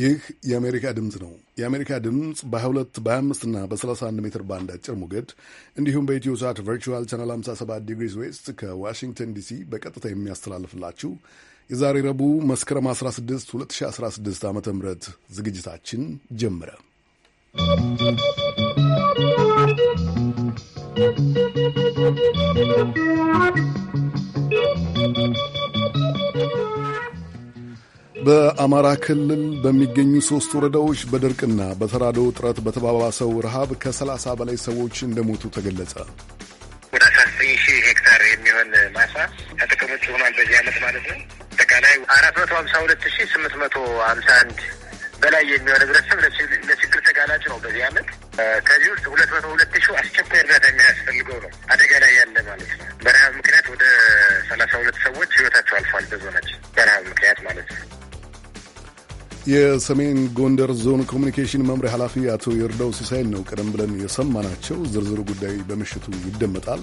ይህ የአሜሪካ ድምፅ ነው። የአሜሪካ ድምፅ በ22 በ25 እና በ31 ሜትር ባንድ አጭር ሞገድ እንዲሁም በኢትዮ ሳት ቨርቹዋል ቻናል 57 ዲግሪስ ዌስት ከዋሽንግተን ዲሲ በቀጥታ የሚያስተላልፍላችሁ የዛሬ ረቡዕ መስከረም 16 2016 ዓ ም ዝግጅታችን ጀመረ። ¶¶ በአማራ ክልል በሚገኙ ሦስት ወረዳዎች በድርቅና በተራዶ እጥረት በተባባሰው ረሃብ ከ30 በላይ ሰዎች እንደሞቱ ተገለጸ። ወደ 19 ሺህ ሄክታር የሚሆን ማሳ ከጥቅም ውጭ ሆኗል። በዚህ ዓመት ማለት ነው። አጠቃላይ 452 ሺህ 851 በላይ የሚሆን ህብረተሰብ ለችግር ተጋላጭ ነው። በዚህ ዓመት ከዚህ ውስጥ ሁለት መቶ ሁለት ሺ አስቸኳይ እርዳታ የሚያስፈልገው ነው። አደጋ ላይ ያለ ማለት ነው። በረሃብ ምክንያት ወደ ሰላሳ ሁለት ሰዎች ህይወታቸው አልፏል። በዞናችን በረሃብ ምክንያት ማለት ነው። የሰሜን ጎንደር ዞን ኮሚኒኬሽን መምሪያ ኃላፊ አቶ የርዳው ሲሳይን ነው ቀደም ብለን የሰማናቸው። ዝርዝሩ ጉዳይ በምሽቱ ይደመጣል።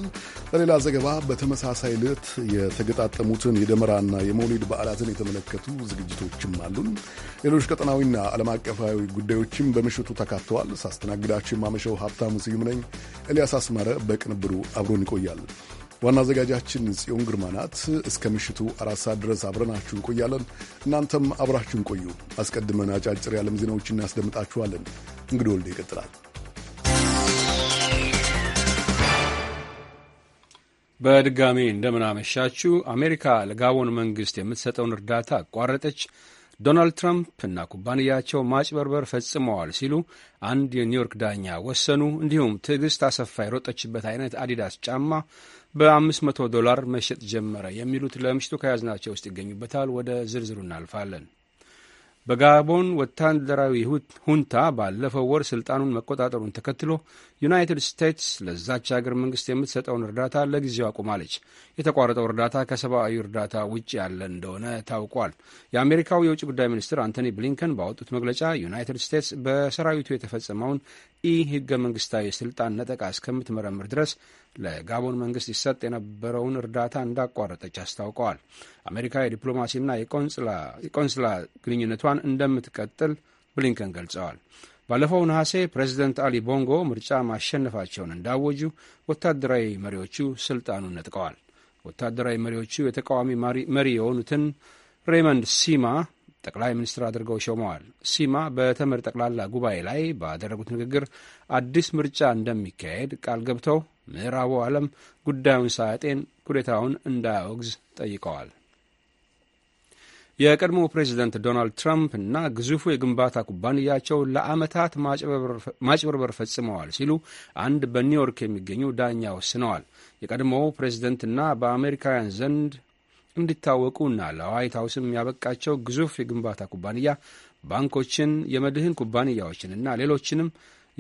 በሌላ ዘገባ በተመሳሳይ ዕለት የተገጣጠሙትን የደመራና የመውሊድ በዓላትን የተመለከቱ ዝግጅቶችም አሉን። ሌሎች ቀጠናዊና ዓለም አቀፋዊ ጉዳዮችም በምሽቱ ተካተዋል። ሳስተናግዳችሁ የማመሸው ሀብታሙ ስዩም ነኝ። ኤልያስ አስማረ በቅንብሩ አብሮን ይቆያል። ዋና አዘጋጃችን ጽዮን ግርማ ናት። እስከ ምሽቱ አራት ሰዓት ድረስ አብረናችሁ እንቆያለን። እናንተም አብራችሁን ቆዩ። አስቀድመን አጫጭር የዓለም ዜናዎች እናስደምጣችኋለን። እንግዲህ ወልደ ይቀጥላል። በድጋሜ እንደምናመሻችሁ። አሜሪካ ለጋቦን መንግሥት የምትሰጠውን እርዳታ አቋረጠች። ዶናልድ ትራምፕ እና ኩባንያቸው ማጭበርበር ፈጽመዋል ሲሉ አንድ የኒውዮርክ ዳኛ ወሰኑ። እንዲሁም ትዕግስት አሰፋ የሮጠችበት አይነት አዲዳስ ጫማ በ500 ዶላር መሸጥ ጀመረ። የሚሉት ለምሽቱ ከያዝናቸው ውስጥ ይገኙበታል። ወደ ዝርዝሩ እናልፋለን። በጋቦን ወታደራዊ ሁንታ ባለፈው ወር ስልጣኑን መቆጣጠሩን ተከትሎ ዩናይትድ ስቴትስ ለዛች ሀገር መንግስት የምትሰጠውን እርዳታ ለጊዜው አቁማለች። የተቋረጠው እርዳታ ከሰብአዊ እርዳታ ውጭ ያለ እንደሆነ ታውቋል። የአሜሪካው የውጭ ጉዳይ ሚኒስትር አንቶኒ ብሊንከን ባወጡት መግለጫ ዩናይትድ ስቴትስ በሰራዊቱ የተፈጸመውን ኢ ህገ መንግስታዊ ስልጣን ነጠቃ እስከምትመረምር ድረስ ለጋቦን መንግስት ይሰጥ የነበረውን እርዳታ እንዳቋረጠች አስታውቀዋል። አሜሪካ የዲፕሎማሲና የቆንስላ ግንኙነቷን እንደምትቀጥል ብሊንከን ገልጸዋል። ባለፈው ነሐሴ ፕሬዚደንት አሊ ቦንጎ ምርጫ ማሸነፋቸውን እንዳወጁ ወታደራዊ መሪዎቹ ስልጣኑን ነጥቀዋል። ወታደራዊ መሪዎቹ የተቃዋሚ መሪ የሆኑትን ሬይመንድ ሲማ ጠቅላይ ሚኒስትር አድርገው ሾመዋል። ሲማ በተመድ ጠቅላላ ጉባኤ ላይ ባደረጉት ንግግር አዲስ ምርጫ እንደሚካሄድ ቃል ገብተው ምዕራቡ ዓለም ጉዳዩን ሳያጤን ኩዴታውን እንዳያወግዝ ጠይቀዋል። የቀድሞ ፕሬዚደንት ዶናልድ ትራምፕ እና ግዙፉ የግንባታ ኩባንያቸው ለዓመታት ማጭበርበር ፈጽመዋል ሲሉ አንድ በኒውዮርክ የሚገኙ ዳኛ ወስነዋል። የቀድሞው ፕሬዚደንትና በአሜሪካውያን ዘንድ እንዲታወቁና ለዋይት ሀውስም ያበቃቸው ግዙፍ የግንባታ ኩባንያ ባንኮችን፣ የመድህን ኩባንያዎችንና ሌሎችንም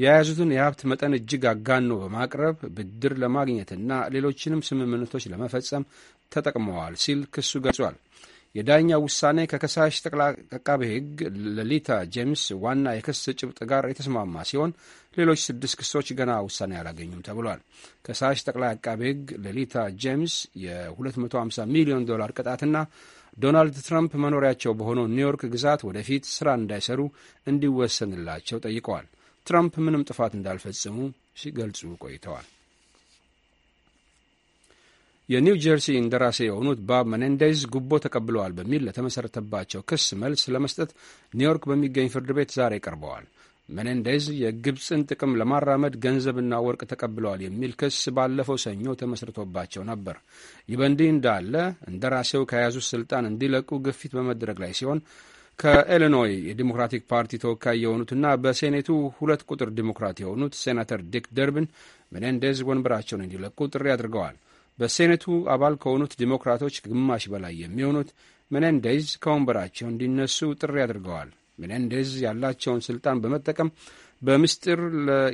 የያዙትን የሀብት መጠን እጅግ አጋኖ በማቅረብ ብድር ለማግኘትና ሌሎችንም ስምምነቶች ለመፈጸም ተጠቅመዋል ሲል ክሱ ገልጿል። የዳኛው ውሳኔ ከከሳሽ ጠቅላይ አቃቤ ሕግ ለሊታ ጄምስ ዋና የክስ ጭብጥ ጋር የተስማማ ሲሆን ሌሎች ስድስት ክሶች ገና ውሳኔ አላገኙም ተብሏል። ከሳሽ ጠቅላይ አቃቤ ሕግ ለሊታ ጄምስ የ250 ሚሊዮን ዶላር ቅጣትና ዶናልድ ትራምፕ መኖሪያቸው በሆነው ኒውዮርክ ግዛት ወደፊት ስራ እንዳይሰሩ እንዲወሰንላቸው ጠይቀዋል። ትራምፕ ምንም ጥፋት እንዳልፈጽሙ ሲገልጹ ቆይተዋል። የኒው ጀርሲ እንደራሴ የሆኑት ባብ መኔንዴዝ ጉቦ ተቀብለዋል በሚል ለተመሠረተባቸው ክስ መልስ ለመስጠት ኒውዮርክ በሚገኝ ፍርድ ቤት ዛሬ ቀርበዋል። መኔንዴዝ የግብፅን ጥቅም ለማራመድ ገንዘብና ወርቅ ተቀብለዋል የሚል ክስ ባለፈው ሰኞ ተመስርቶባቸው ነበር። ይህ በእንዲህ እንዳለ እንደራሴው ከያዙት ስልጣን እንዲለቁ ግፊት በመድረግ ላይ ሲሆን ከኢሊኖይ የዲሞክራቲክ ፓርቲ ተወካይ የሆኑትና በሴኔቱ ሁለት ቁጥር ዲሞክራት የሆኑት ሴናተር ዲክ ደርብን መኔንዴዝ ወንበራቸውን እንዲለቁ ጥሪ አድርገዋል። በሴኔቱ አባል ከሆኑት ዲሞክራቶች ግማሽ በላይ የሚሆኑት ሜኔንዴዝ ከወንበራቸው እንዲነሱ ጥሪ አድርገዋል። ሜኔንዴዝ ያላቸውን ስልጣን በመጠቀም በምስጢር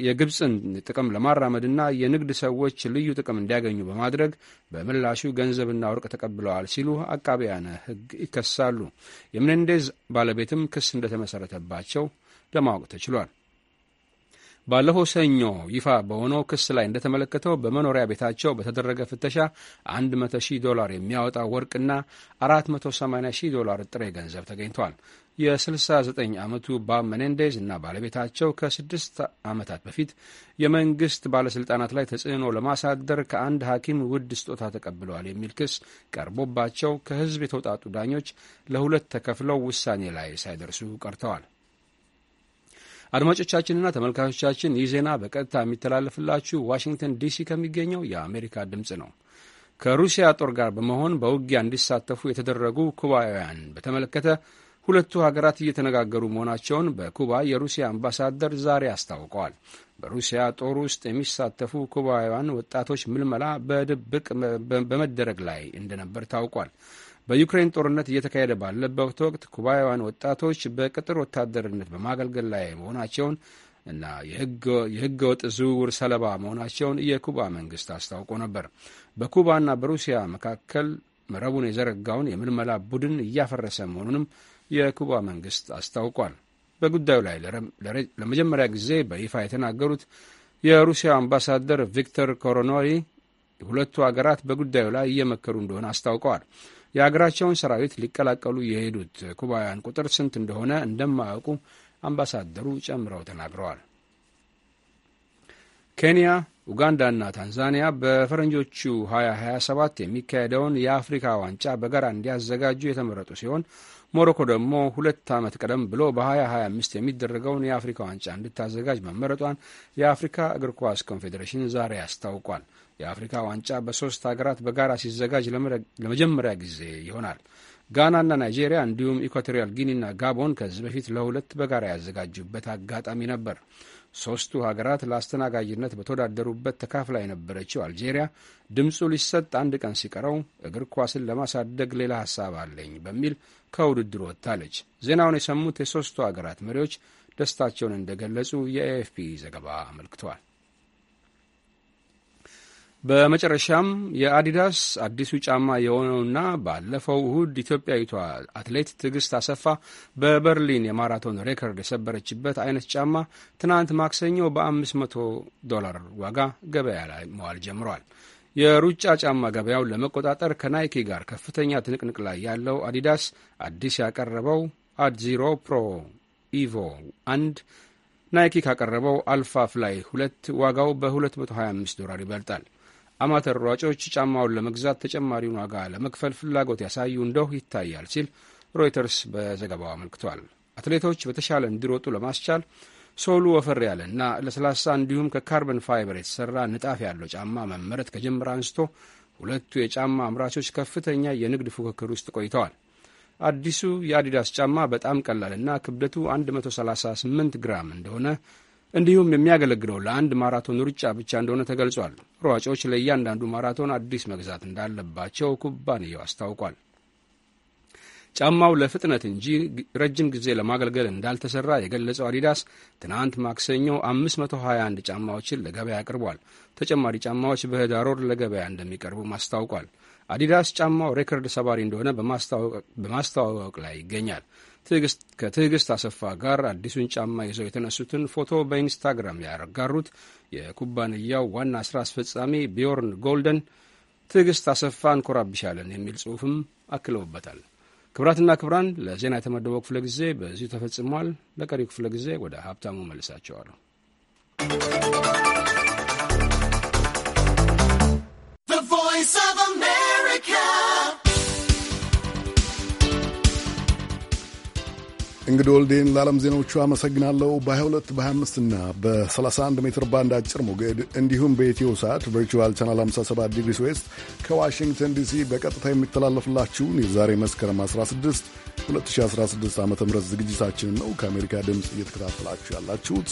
የግብፅን ጥቅም ለማራመድና የንግድ ሰዎች ልዩ ጥቅም እንዲያገኙ በማድረግ በምላሹ ገንዘብና ወርቅ ተቀብለዋል ሲሉ አቃቢያነ ሕግ ይከሳሉ። የሜኔንዴዝ ባለቤትም ክስ እንደተመሰረተባቸው ለማወቅ ተችሏል። ባለፈው ሰኞ ይፋ በሆነው ክስ ላይ እንደተመለከተው በመኖሪያ ቤታቸው በተደረገ ፍተሻ 100 ዶላር የሚያወጣ ወርቅና 480 ዶላር ጥሬ ገንዘብ ተገኝቷል። የ69 ዓመቱ ባብ መኔንዴዝ እና ባለቤታቸው ከስድስት ዓመታት በፊት የመንግሥት ባለሥልጣናት ላይ ተጽዕኖ ለማሳደር ከአንድ ሐኪም ውድ ስጦታ ተቀብለዋል የሚል ክስ ቀርቦባቸው ከሕዝብ የተውጣጡ ዳኞች ለሁለት ተከፍለው ውሳኔ ላይ ሳይደርሱ ቀርተዋል። አድማጮቻችንና ተመልካቾቻችን ይህ ዜና በቀጥታ የሚተላለፍላችሁ ዋሽንግተን ዲሲ ከሚገኘው የአሜሪካ ድምፅ ነው። ከሩሲያ ጦር ጋር በመሆን በውጊያ እንዲሳተፉ የተደረጉ ኩባውያን በተመለከተ ሁለቱ ሀገራት እየተነጋገሩ መሆናቸውን በኩባ የሩሲያ አምባሳደር ዛሬ አስታውቀዋል። በሩሲያ ጦር ውስጥ የሚሳተፉ ኩባውያን ወጣቶች ምልመላ በድብቅ በመደረግ ላይ እንደነበር ታውቋል። በዩክሬን ጦርነት እየተካሄደ ባለበት ወቅት ኩባውያን ወጣቶች በቅጥር ወታደርነት በማገልገል ላይ መሆናቸውን እና የህገ ወጥ ዝውውር ሰለባ መሆናቸውን የኩባ መንግስት አስታውቆ ነበር። በኩባና በሩሲያ መካከል መረቡን የዘረጋውን የምልመላ ቡድን እያፈረሰ መሆኑንም የኩባ መንግስት አስታውቋል። በጉዳዩ ላይ ለመጀመሪያ ጊዜ በይፋ የተናገሩት የሩሲያ አምባሳደር ቪክተር ኮሮኖሪ ሁለቱ አገራት በጉዳዩ ላይ እየመከሩ እንደሆነ አስታውቀዋል። የአገራቸውን ሰራዊት ሊቀላቀሉ የሄዱት ኩባውያን ቁጥር ስንት እንደሆነ እንደማያውቁ አምባሳደሩ ጨምረው ተናግረዋል። ኬንያ፣ ኡጋንዳና ታንዛኒያ በፈረንጆቹ 2027 የሚካሄደውን የአፍሪካ ዋንጫ በጋራ እንዲያዘጋጁ የተመረጡ ሲሆን ሞሮኮ ደግሞ ሁለት ዓመት ቀደም ብሎ በ2025 የሚደረገውን የአፍሪካ ዋንጫ እንድታዘጋጅ መመረጧን የአፍሪካ እግር ኳስ ኮንፌዴሬሽን ዛሬ አስታውቋል። የአፍሪካ ዋንጫ በሶስት ሀገራት በጋራ ሲዘጋጅ ለመጀመሪያ ጊዜ ይሆናል። ጋናና ናይጄሪያ እንዲሁም ኢኳቶሪያል ጊኒና ጋቦን ከዚህ በፊት ለሁለት በጋራ ያዘጋጁበት አጋጣሚ ነበር። ሶስቱ ሀገራት ለአስተናጋጅነት በተወዳደሩበት ተካፍላ የነበረችው አልጄሪያ ድምፁ ሊሰጥ አንድ ቀን ሲቀረው እግር ኳስን ለማሳደግ ሌላ ሀሳብ አለኝ በሚል ከውድድሩ ወጥታለች። ዜናውን የሰሙት የሶስቱ ሀገራት መሪዎች ደስታቸውን እንደገለጹ የኤኤፍፒ ዘገባ አመልክተዋል። በመጨረሻም የአዲዳስ አዲሱ ጫማ የሆነውና ባለፈው እሁድ ኢትዮጵያዊቷ አትሌት ትዕግስት አሰፋ በበርሊን የማራቶን ሬከርድ የሰበረችበት አይነት ጫማ ትናንት ማክሰኞ በ500 ዶላር ዋጋ ገበያ ላይ መዋል ጀምሯል። የሩጫ ጫማ ገበያውን ለመቆጣጠር ከናይኪ ጋር ከፍተኛ ትንቅንቅ ላይ ያለው አዲዳስ አዲስ ያቀረበው አድዚሮ ፕሮ ኢቮ አንድ ናይኪ ካቀረበው አልፋ ፍላይ ሁለት ዋጋው በ225 ዶላር ይበልጣል። አማተር ሯጮች ጫማውን ለመግዛት ተጨማሪውን ዋጋ ለመክፈል ፍላጎት ያሳዩ እንደው ይታያል ሲል ሮይተርስ በዘገባው አመልክቷል። አትሌቶች በተሻለ እንዲሮጡ ለማስቻል ሶሉ ወፈር ያለ እና ለስላሳ እንዲሁም ከካርበን ፋይበር የተሰራ ንጣፍ ያለው ጫማ መመረት ከጀመረ አንስቶ ሁለቱ የጫማ አምራቾች ከፍተኛ የንግድ ፉክክር ውስጥ ቆይተዋል። አዲሱ የአዲዳስ ጫማ በጣም ቀላልና ክብደቱ 138 ግራም እንደሆነ እንዲሁም የሚያገለግለው ለአንድ ማራቶን ሩጫ ብቻ እንደሆነ ተገልጿል። ሯጮች ለእያንዳንዱ ማራቶን አዲስ መግዛት እንዳለባቸው ኩባንያው አስታውቋል። ጫማው ለፍጥነት እንጂ ረጅም ጊዜ ለማገልገል እንዳልተሰራ የገለጸው አዲዳስ ትናንት ማክሰኞ 521 ጫማዎችን ለገበያ አቅርቧል። ተጨማሪ ጫማዎች በህዳር ወር ለገበያ እንደሚቀርቡ አስታውቋል። አዲዳስ ጫማው ሬከርድ ሰባሪ እንደሆነ በማስተዋወቅ ላይ ይገኛል። ከትዕግስት አሰፋ ጋር አዲሱን ጫማ ይዘው የተነሱትን ፎቶ በኢንስታግራም ያጋሩት የኩባንያው ዋና ሥራ አስፈጻሚ ቢዮርን ጎልደን ትዕግስት አሰፋ እንኮራብሻለን የሚል ጽሑፍም አክለውበታል። ክብራትና ክብራን ለዜና የተመደበው ክፍለ ጊዜ በዚሁ ተፈጽሟል። ለቀሪው ክፍለ ጊዜ ወደ ሀብታሙ መልሳቸዋለሁ። እንግዲህ ወልዴን ለዓለም ዜናዎቹ አመሰግናለሁ። በ22 በ25 እና በ31 ሜትር ባንድ አጭር ሞገድ እንዲሁም በኢትዮ ሰዓት ቨርቹዋል ቻናል 57 ዲግሪ ስዌስት ከዋሽንግተን ዲሲ በቀጥታ የሚተላለፍላችሁን የዛሬ መስከረም 16 2016 ዓ ም ዝግጅታችንን ነው ከአሜሪካ ድምፅ እየተከታተላችሁ ያላችሁት።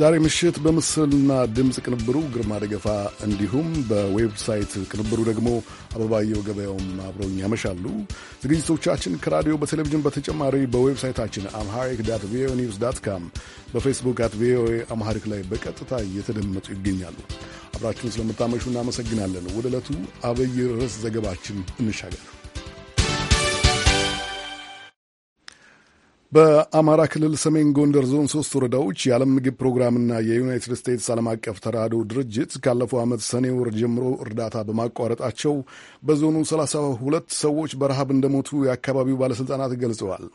ዛሬ ምሽት በምስልና ድምፅ ቅንብሩ ግርማ ደገፋ እንዲሁም በዌብሳይት ቅንብሩ ደግሞ አበባየው ገበያውም አብረው ያመሻሉ። ዝግጅቶቻችን ከራዲዮ በቴሌቪዥን በተጨማሪ በዌብሳይታችን አምሃሪክ ዳት ቪኦኤ ኒውስ ዳት ካም፣ በፌስቡክ አት ቪኦኤ አምሃሪክ ላይ በቀጥታ እየተደመጡ ይገኛሉ። አብራችሁን ስለምታመሹ እናመሰግናለን። ወደ ዕለቱ አብይ ርዕስ ዘገባችን እንሻገር። በአማራ ክልል ሰሜን ጎንደር ዞን ሶስት ወረዳዎች የዓለም ምግብ ፕሮግራምና የዩናይትድ ስቴትስ ዓለም አቀፍ ተራድኦ ድርጅት ካለፈው ዓመት ሰኔ ወር ጀምሮ እርዳታ በማቋረጣቸው በዞኑ ሰላሳ ሁለት ሰዎች በረሃብ እንደሞቱ የአካባቢው ባለሥልጣናት ገልጸዋል።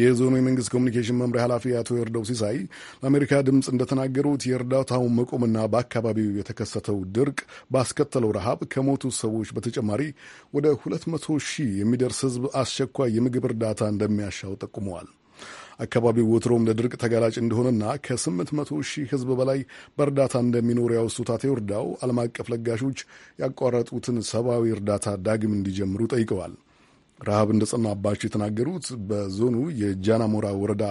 የዞኑ የመንግስት ኮሚኒኬሽን መምሪያ ኃላፊ አቶ የርደው ሲሳይ ለአሜሪካ ድምፅ እንደተናገሩት የእርዳታው መቆምና በአካባቢው የተከሰተው ድርቅ ባስከተለው ረሃብ ከሞቱ ሰዎች በተጨማሪ ወደ ሁለት መቶ ሺህ የሚደርስ ሕዝብ አስቸኳይ የምግብ እርዳታ እንደሚያሻው ጠቁመዋል። አካባቢው ወትሮም ለድርቅ ተጋላጭ እንደሆነና ከ800 ሺህ ህዝብ በላይ በእርዳታ እንደሚኖር ያወሱት አቶ ይርዳው ዓለም አቀፍ ለጋሾች ያቋረጡትን ሰብአዊ እርዳታ ዳግም እንዲጀምሩ ጠይቀዋል። ረሃብ እንደጸናባቸው የተናገሩት በዞኑ የጃናሞራ ወረዳ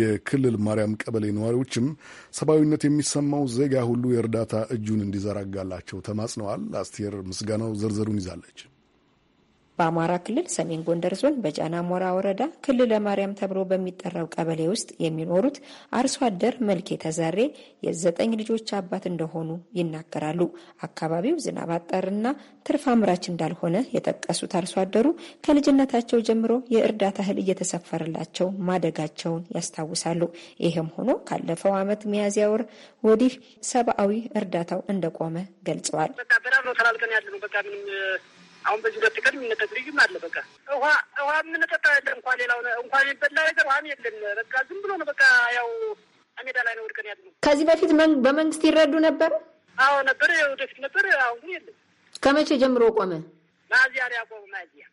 የክልል ማርያም ቀበሌ ነዋሪዎችም ሰብአዊነት የሚሰማው ዜጋ ሁሉ የእርዳታ እጁን እንዲዘረጋላቸው ተማጽነዋል። አስቴር ምስጋናው ዝርዝሩን ይዛለች። በአማራ ክልል ሰሜን ጎንደር ዞን በጃና ሞራ ወረዳ ክልለ ማርያም ተብሎ በሚጠራው ቀበሌ ውስጥ የሚኖሩት አርሶ አደር መልኬ ተዘሬ የዘጠኝ ልጆች አባት እንደሆኑ ይናገራሉ። አካባቢው ዝናብ አጠርና ትርፍ አምራች እንዳልሆነ የጠቀሱት አርሶ አደሩ ከልጅነታቸው ጀምሮ የእርዳታ እህል እየተሰፈረላቸው ማደጋቸውን ያስታውሳሉ። ይህም ሆኖ ካለፈው ዓመት ሚያዝያ ወር ወዲህ ሰብአዊ እርዳታው እንደቆመ ገልጸዋል። አሁን በዚህ ሁለት ቀን የሚነጠቅ ልዩም አለ። በቃ ውሃ ውሃ የምንጠጣ ያለ እንኳ ሌላው እንኳ የሚበላ ነገር ውሃም የለም። በቃ ዝም ብሎ ነው በቃ ያው አሜዳ ላይ ነው ወድቀን ያሉ። ከዚህ በፊት በመንግስት ይረዱ ነበር? አዎ ነበር፣ ወደፊት ነበር። አሁን ግን የለም። ከመቼ ጀምሮ ቆመ? ማዚያ ያቆሙ ማዚያ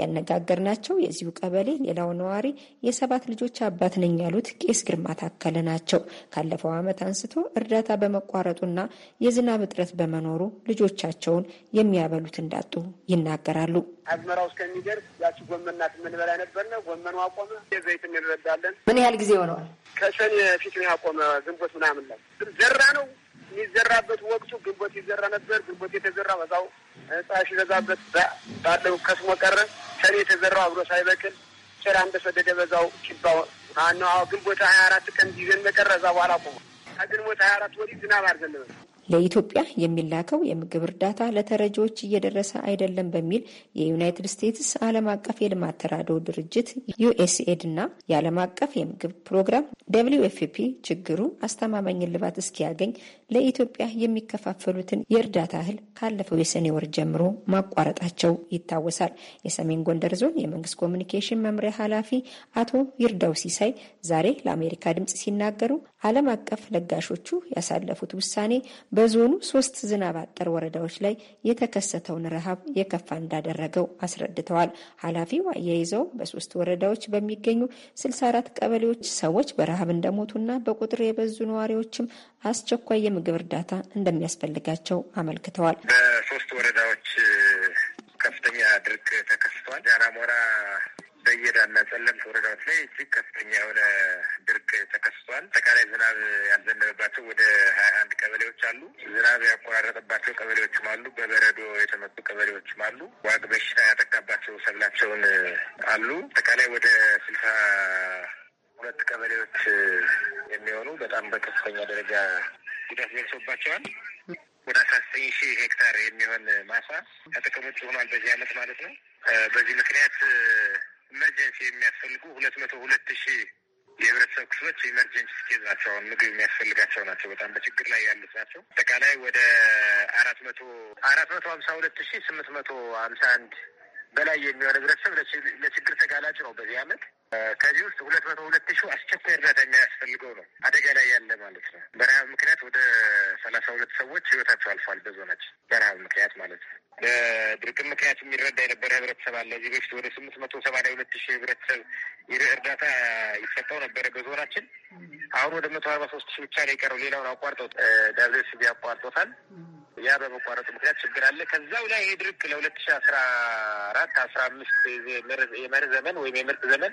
ያነጋገርናቸው የዚሁ ቀበሌ ሌላው ነዋሪ የሰባት ልጆች አባት ነኝ ያሉት ቄስ ግርማ ታከለ ናቸው። ካለፈው ዓመት አንስቶ እርዳታ በመቋረጡና የዝናብ እጥረት በመኖሩ ልጆቻቸውን የሚያበሉት እንዳጡ ይናገራሉ። አዝመራው እስከሚደርስ ያቺ ጎመናት የምንበላ ነበርና ጎመኑ አቆመ። የዘይት እንረዳለን። ምን ያህል ጊዜ ሆነዋል? ከሰኔ ፊት ነው ያቆመ። ግንቦት ምናምን ላይ ዘራ ነው የሚዘራበት ወቅቱ ግንቦት ይዘራ ነበር። ግንቦት የተዘራ በዛው ፀሐይ ሲበዛበት ባለው ከስሞ ቀረ። ሰኔ የተዘራው አብሮ ሳይበቅል ጭራ እንደሰደደ በዛው ኪባ ግንቦት ሀያ አራት ቀን ጊዜን መቀረ እዛ በኋላ ቆሞ ከግንቦት ሀያ አራት ወዲህ ዝናብ አልዘነበም። ለኢትዮጵያ የሚላከው የምግብ እርዳታ ለተረጂዎች እየደረሰ አይደለም በሚል የዩናይትድ ስቴትስ ዓለም አቀፍ የልማት ተራድኦ ድርጅት ዩኤስኤድ እና የዓለም አቀፍ የምግብ ፕሮግራም ደብሊው ኤፍ ፒ ችግሩ አስተማማኝ እልባት እስኪያገኝ ለኢትዮጵያ የሚከፋፈሉትን የእርዳታ እህል ካለፈው የሰኔ ወር ጀምሮ ማቋረጣቸው ይታወሳል። የሰሜን ጎንደር ዞን የመንግስት ኮሚኒኬሽን መምሪያ ኃላፊ አቶ ይርዳው ሲሳይ ዛሬ ለአሜሪካ ድምጽ ሲናገሩ ዓለም አቀፍ ለጋሾቹ ያሳለፉት ውሳኔ በዞኑ ሶስት ዝናብ አጠር ወረዳዎች ላይ የተከሰተውን ረሃብ የከፋ እንዳደረገው አስረድተዋል። ኃላፊው አያይዘው በሶስት ወረዳዎች በሚገኙ 64 ቀበሌዎች ሰዎች በረሃብ እንደሞቱና በቁጥር የበዙ ነዋሪዎችም አስቸኳይ የምግብ እርዳታ እንደሚያስፈልጋቸው አመልክተዋል። በሶስት ወረዳዎች ከፍተኛ ድርቅ ተከስቷል። ጃራሞራ በየዳና ጸለምት ወረዳዎች ላይ እጅግ ከፍተኛ የሆነ አሉ። ዋግ በሽታ ያጠቃባቸው ሰብላቸውን አሉ። አጠቃላይ አስራ አምስት የመር ዘመን ወይም የምርት ዘመን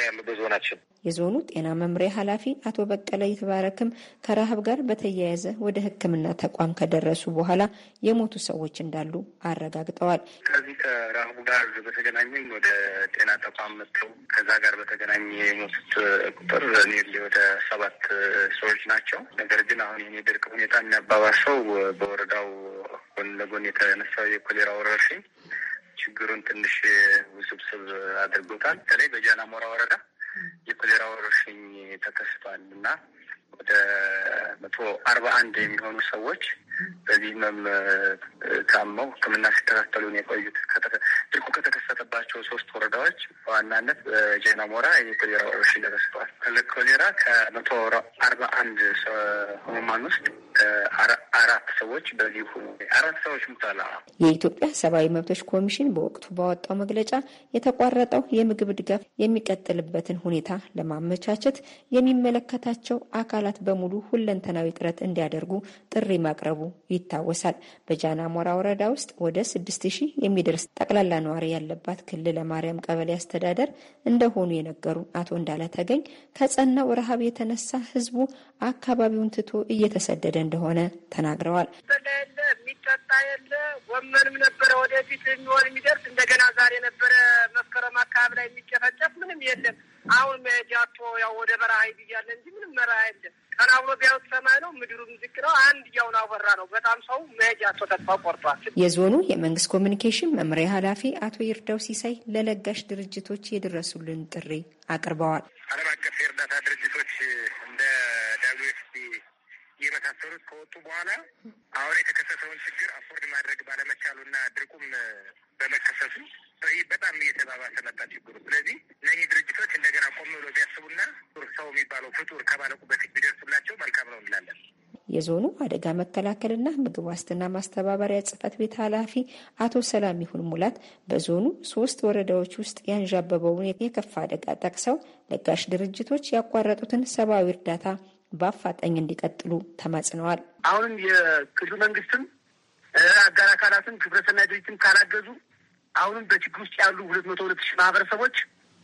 ነው ያለው በዞናችን። የዞኑ ጤና መምሪያ ኃላፊ አቶ በቀለ የተባረክም ከረሃብ ጋር በተያያዘ ወደ ሕክምና ተቋም ከደረሱ በኋላ የሞቱ ሰዎች እንዳሉ አረጋግጠዋል። ከዚህ ከረሃቡ ጋር በተገናኘ ወደ ጤና ተቋም መጥተው ከዛ ጋር በተገናኘ የሞቱት ቁጥር ኔርሊ ወደ ሰባት ሰዎች ናቸው። ነገር ግን አሁን ይህን የድርቅ ሁኔታ የሚያባባሰው በወረዳው ጎን ለጎን የተነሳው የኮሌራ ወረርሽኝ ችግሩን ትንሽ ውስብስብ አድርጎታል። በተለይ ሞራ ወረዳ የኮሌራ ወረርሽኝ ተከስቷል እና ወደ መቶ አርባ አንድ የሚሆኑ ሰዎች በዚህ ህመም ታመው ሕክምና ሲከታተሉን የቆዩት ድርቁ ከተከ ባለባቸው ሶስት ወረዳዎች በዋናነት በጀና ሞራ የኮሌራ ወረርሽኝ ተከስቷል። ኮሌራ ከመቶ አርባ አንድ ህሙማን ውስጥ አራት ሰዎች በዚህ አራት ሰዎች ሙታላ። የኢትዮጵያ ሰብአዊ መብቶች ኮሚሽን በወቅቱ ባወጣው መግለጫ የተቋረጠው የምግብ ድጋፍ የሚቀጥልበትን ሁኔታ ለማመቻቸት የሚመለከታቸው አካላት በሙሉ ሁለንተናዊ ጥረት እንዲያደርጉ ጥሪ ማቅረቡ ይታወሳል። በጃና ሞራ ወረዳ ውስጥ ወደ ስድስት ሺህ የሚደርስ ጠቅላላ ነዋሪ ያለባት ክልለ ማርያም ቀበሌ አስተዳደር እንደሆኑ የነገሩ አቶ እንዳለ ተገኝ ከጸናው ረሃብ የተነሳ ህዝቡ አካባቢውን ትቶ እየተሰደደ እንደሆነ ተናግረዋል። የለ የሚጠጣ የለ ወመንም ነበረ ወደፊት የሚሆን የሚደርስ እንደገና ዛሬ ነበረ መስከረም አካባቢ ላይ የሚጨፈጨፍ ምንም የለም። አሁን መጃቶ ያው ወደ በረሃ ሂድ እያለ እንጂ ምንም በረሃ የለ። ቀና ብሎ ቢያዩት ሰማይ ነው፣ ምድሩም ዝቅ ነው። አንድ ያውን አወራ ነው። በጣም ሰው መጃቶ ተስፋ ቆርጧል። የዞኑ የመንግስት ኮሚኒኬሽን መምሪያ ኃላፊ አቶ ይርዳው ሲሳይ ለለጋሽ ድርጅቶች የደረሱልን ጥሪ አቅርበዋል። ዓለም አቀፍ የእርዳታ ድርጅቶች እንደ ዳብሊው ኤፍ ፒ የመሳሰሉት ከወጡ በኋላ አሁን የተከሰተውን ችግር አፎርድ ማድረግ ባለመቻሉና ድርቁም በመከሰቱ በጣም እየተባባሰ መጣ ችግሩ። ስለዚህ እነዚህ ድርጅቶች እንደገና ቆም ብሎ ቢያስቡና ሰው የሚባለው ፍጡር ከባለቁ በፊት ቢደርሱላቸው መልካም ነው እንላለን። የዞኑ አደጋ መከላከልና ምግብ ዋስትና ማስተባበሪያ ጽህፈት ቤት ኃላፊ አቶ ይሁን ሙላት በዞኑ ሶስት ወረዳዎች ውስጥ ያንዣበበውን የከፋ አደጋ ጠቅሰው ለጋሽ ድርጅቶች ያቋረጡትን ሰብአዊ እርዳታ በአፋጣኝ እንዲቀጥሉ ተማጽነዋል። አሁንም የክልሉ መንግስትም አጋር አካላትም ግብረሰናይ ድርጅትም ካላገዙ አሁንም በችግር ውስጥ ያሉ ሁለት መቶ ሁለት ሺህ ማህበረሰቦች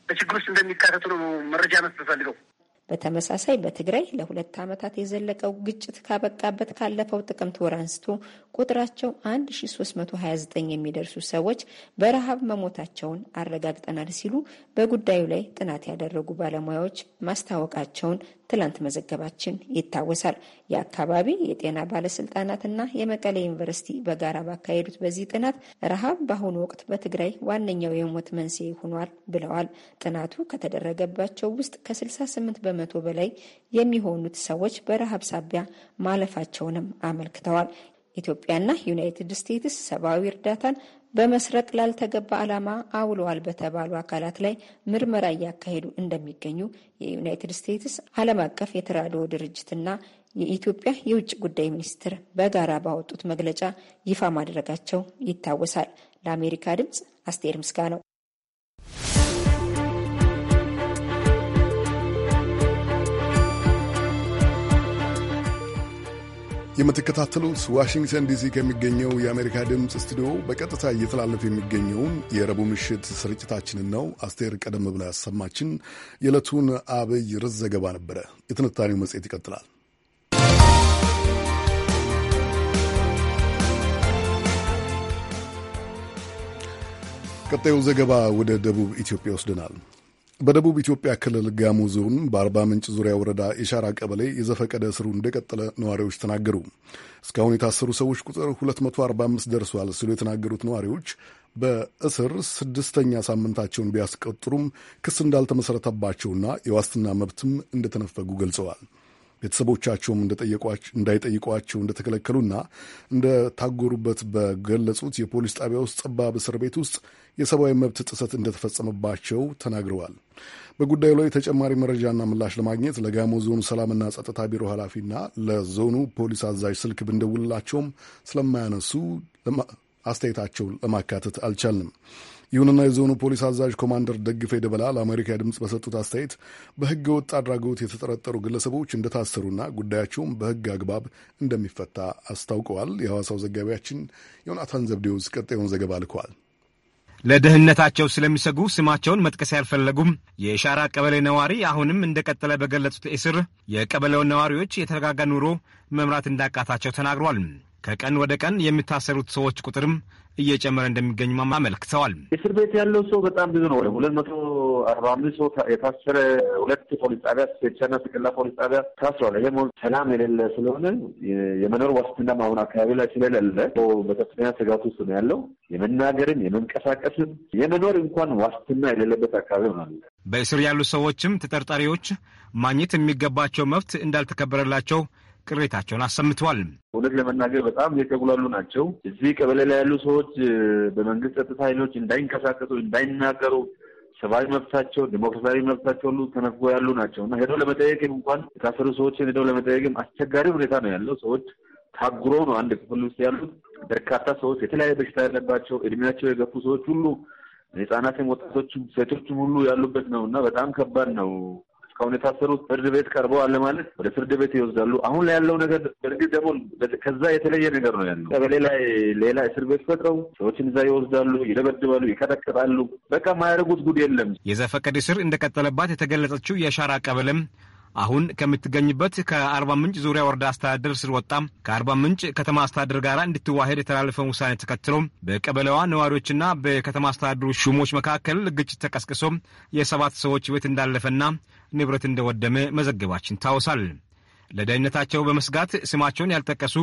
በችግር ውስጥ እንደሚካተቱ ነው መረጃ መስጠት ፈልገው። በተመሳሳይ በትግራይ ለሁለት ዓመታት የዘለቀው ግጭት ካበቃበት ካለፈው ጥቅምት ወር አንስቶ ቁጥራቸው 1329 የሚደርሱ ሰዎች በረሃብ መሞታቸውን አረጋግጠናል ሲሉ በጉዳዩ ላይ ጥናት ያደረጉ ባለሙያዎች ማስታወቃቸውን ትላንት መዘገባችን ይታወሳል። የአካባቢ የጤና ባለስልጣናትና የመቀሌ ዩኒቨርሲቲ በጋራ ባካሄዱት በዚህ ጥናት ረሃብ በአሁኑ ወቅት በትግራይ ዋነኛው የሞት መንስኤ ሆኗል ብለዋል። ጥናቱ ከተደረገባቸው ውስጥ ከ68 በመቶ በላይ የሚሆኑት ሰዎች በረሃብ ሳቢያ ማለፋቸውንም አመልክተዋል። ኢትዮጵያና ዩናይትድ ስቴትስ ሰብአዊ እርዳታን በመስረቅ ላልተገባ ዓላማ አውለዋል በተባሉ አካላት ላይ ምርመራ እያካሄዱ እንደሚገኙ የዩናይትድ ስቴትስ ዓለም አቀፍ የተራድኦ ድርጅትና የኢትዮጵያ የውጭ ጉዳይ ሚኒስትር በጋራ ባወጡት መግለጫ ይፋ ማድረጋቸው ይታወሳል። ለአሜሪካ ድምፅ አስቴር ነው። የምትከታተሉት ዋሽንግተን ዲሲ ከሚገኘው የአሜሪካ ድምፅ ስቱዲዮ በቀጥታ እየተላለፈ የሚገኘውን የረቡዕ ምሽት ስርጭታችንን ነው። አስቴር ቀደም ብላ ያሰማችን የዕለቱን አብይ ርዕስ ዘገባ ነበረ። የትንታኔው መጽሔት ይቀጥላል። ቀጣዩ ዘገባ ወደ ደቡብ ኢትዮጵያ ይወስደናል። በደቡብ ኢትዮጵያ ክልል ጋሞ ዞን በአርባ ምንጭ ዙሪያ ወረዳ የሻራ ቀበሌ የዘፈቀደ እስሩ እንደቀጠለ ነዋሪዎች ተናገሩ። እስካሁን የታሰሩ ሰዎች ቁጥር 245 ደርሷል ሲሉ የተናገሩት ነዋሪዎች በእስር ስድስተኛ ሳምንታቸውን ቢያስቆጥሩም ክስ እንዳልተመሠረተባቸውና የዋስትና መብትም እንደተነፈጉ ገልጸዋል። ቤተሰቦቻቸውም እንዳይጠይቋቸው እንደተከለከሉና እንደታጎሩበት በገለጹት የፖሊስ ጣቢያ ውስጥ ጠባብ እስር ቤት ውስጥ የሰብአዊ መብት ጥሰት እንደተፈጸመባቸው ተናግረዋል። በጉዳዩ ላይ ተጨማሪ መረጃና ምላሽ ለማግኘት ለጋሞ ዞኑ ሰላምና ጸጥታ ቢሮ ኃላፊና ለዞኑ ፖሊስ አዛዥ ስልክ ብንደውልላቸውም ስለማያነሱ አስተያየታቸውን ለማካተት አልቻልንም። ይሁንና የዞኑ ፖሊስ አዛዥ ኮማንደር ደግፌ ደበላ ለአሜሪካ ድምፅ በሰጡት አስተያየት በሕገ ወጥ አድራጎት የተጠረጠሩ ግለሰቦች እንደታሰሩና ጉዳያቸውም በሕግ አግባብ እንደሚፈታ አስታውቀዋል። የሐዋሳው ዘጋቢያችን ዮናታን ዘብዴውስ ቀጣዩን ዘገባ ልከዋል። ለደህንነታቸው ስለሚሰጉ ስማቸውን መጥቀስ ያልፈለጉም የሻራ ቀበሌ ነዋሪ አሁንም እንደቀጠለ በገለጹት እስር የቀበሌው ነዋሪዎች የተረጋጋ ኑሮ መምራት እንዳቃታቸው ተናግሯል። ከቀን ወደ ቀን የሚታሰሩት ሰዎች ቁጥርም እየጨመረ እንደሚገኙ አመልክተዋል። እስር ቤት ያለው ሰው በጣም ብዙ ነው። ሁለት መቶ አርባ አምስት ሰው የታሰረ ሁለት ፖሊስ ጣቢያ ሴቻና ስቅላ ፖሊስ ጣቢያ ታስሯል። ይህ ሰላም የሌለ ስለሆነ የመኖር ዋስትና አሁን አካባቢ ላይ ስለሌለ በከፍተኛ ስጋት ውስጥ ነው ያለው። የመናገርም የመንቀሳቀስም የመኖር እንኳን ዋስትና የሌለበት አካባቢ ሆናል። በእስር ያሉ ሰዎችም ተጠርጣሪዎች ማግኘት የሚገባቸው መብት እንዳልተከበረላቸው ቅሬታቸውን አሰምተዋል። እውነት ለመናገር በጣም የተጉላሉ ናቸው። እዚህ ቀበሌ ላይ ያሉ ሰዎች በመንግስት ጸጥታ ኃይሎች እንዳይንቀሳቀሱ፣ እንዳይናገሩ ሰብአዊ መብታቸው ዲሞክራሲያዊ መብታቸው ሁሉ ተነፍጎ ያሉ ናቸው እና ሄደው ለመጠየቅም እንኳን የታሰሩ ሰዎችን ሄደው ለመጠየቅም አስቸጋሪ ሁኔታ ነው ያለው። ሰዎች ታጉሮ ነው አንድ ክፍል ውስጥ ያሉት። በርካታ ሰዎች የተለያየ በሽታ ያለባቸው እድሜያቸው የገፉ ሰዎች ሁሉ ህጻናትም፣ ወጣቶችም፣ ሴቶችም ሁሉ ያሉበት ነው እና በጣም ከባድ ነው። እስካሁን የታሰሩት ፍርድ ቤት ቀርበዋል ለማለት ወደ ፍርድ ቤት ይወስዳሉ። አሁን ላይ ያለው ነገር በእርግጥ ደግሞ ከዛ የተለየ ነገር ነው ያለው። ቀበሌ ላይ ሌላ እስር ቤት ፈጥረው ሰዎችን እዛ ይወስዳሉ፣ ይደበድባሉ፣ ይቀጠቅጣሉ። በቃ ማያደርጉት ጉድ የለም። የዘፈቀድ እስር እንደቀጠለባት የተገለጸችው የሻራ ቀበሌም አሁን ከምትገኝበት ከአርባ ምንጭ ዙሪያ ወረዳ አስተዳደር ስር ወጣ ከአርባ ምንጭ ከተማ አስተዳደር ጋር እንድትዋሄድ የተላለፈውን ውሳኔ ተከትሎ በቀበሌዋ ነዋሪዎችና በከተማ አስተዳደሩ ሹሞች መካከል ግጭት ተቀስቅሶ የሰባት ሰዎች ቤት እንዳለፈና ንብረት እንደወደመ መዘገባችን ታወሳል። ለደህንነታቸው በመስጋት ስማቸውን ያልጠቀሱ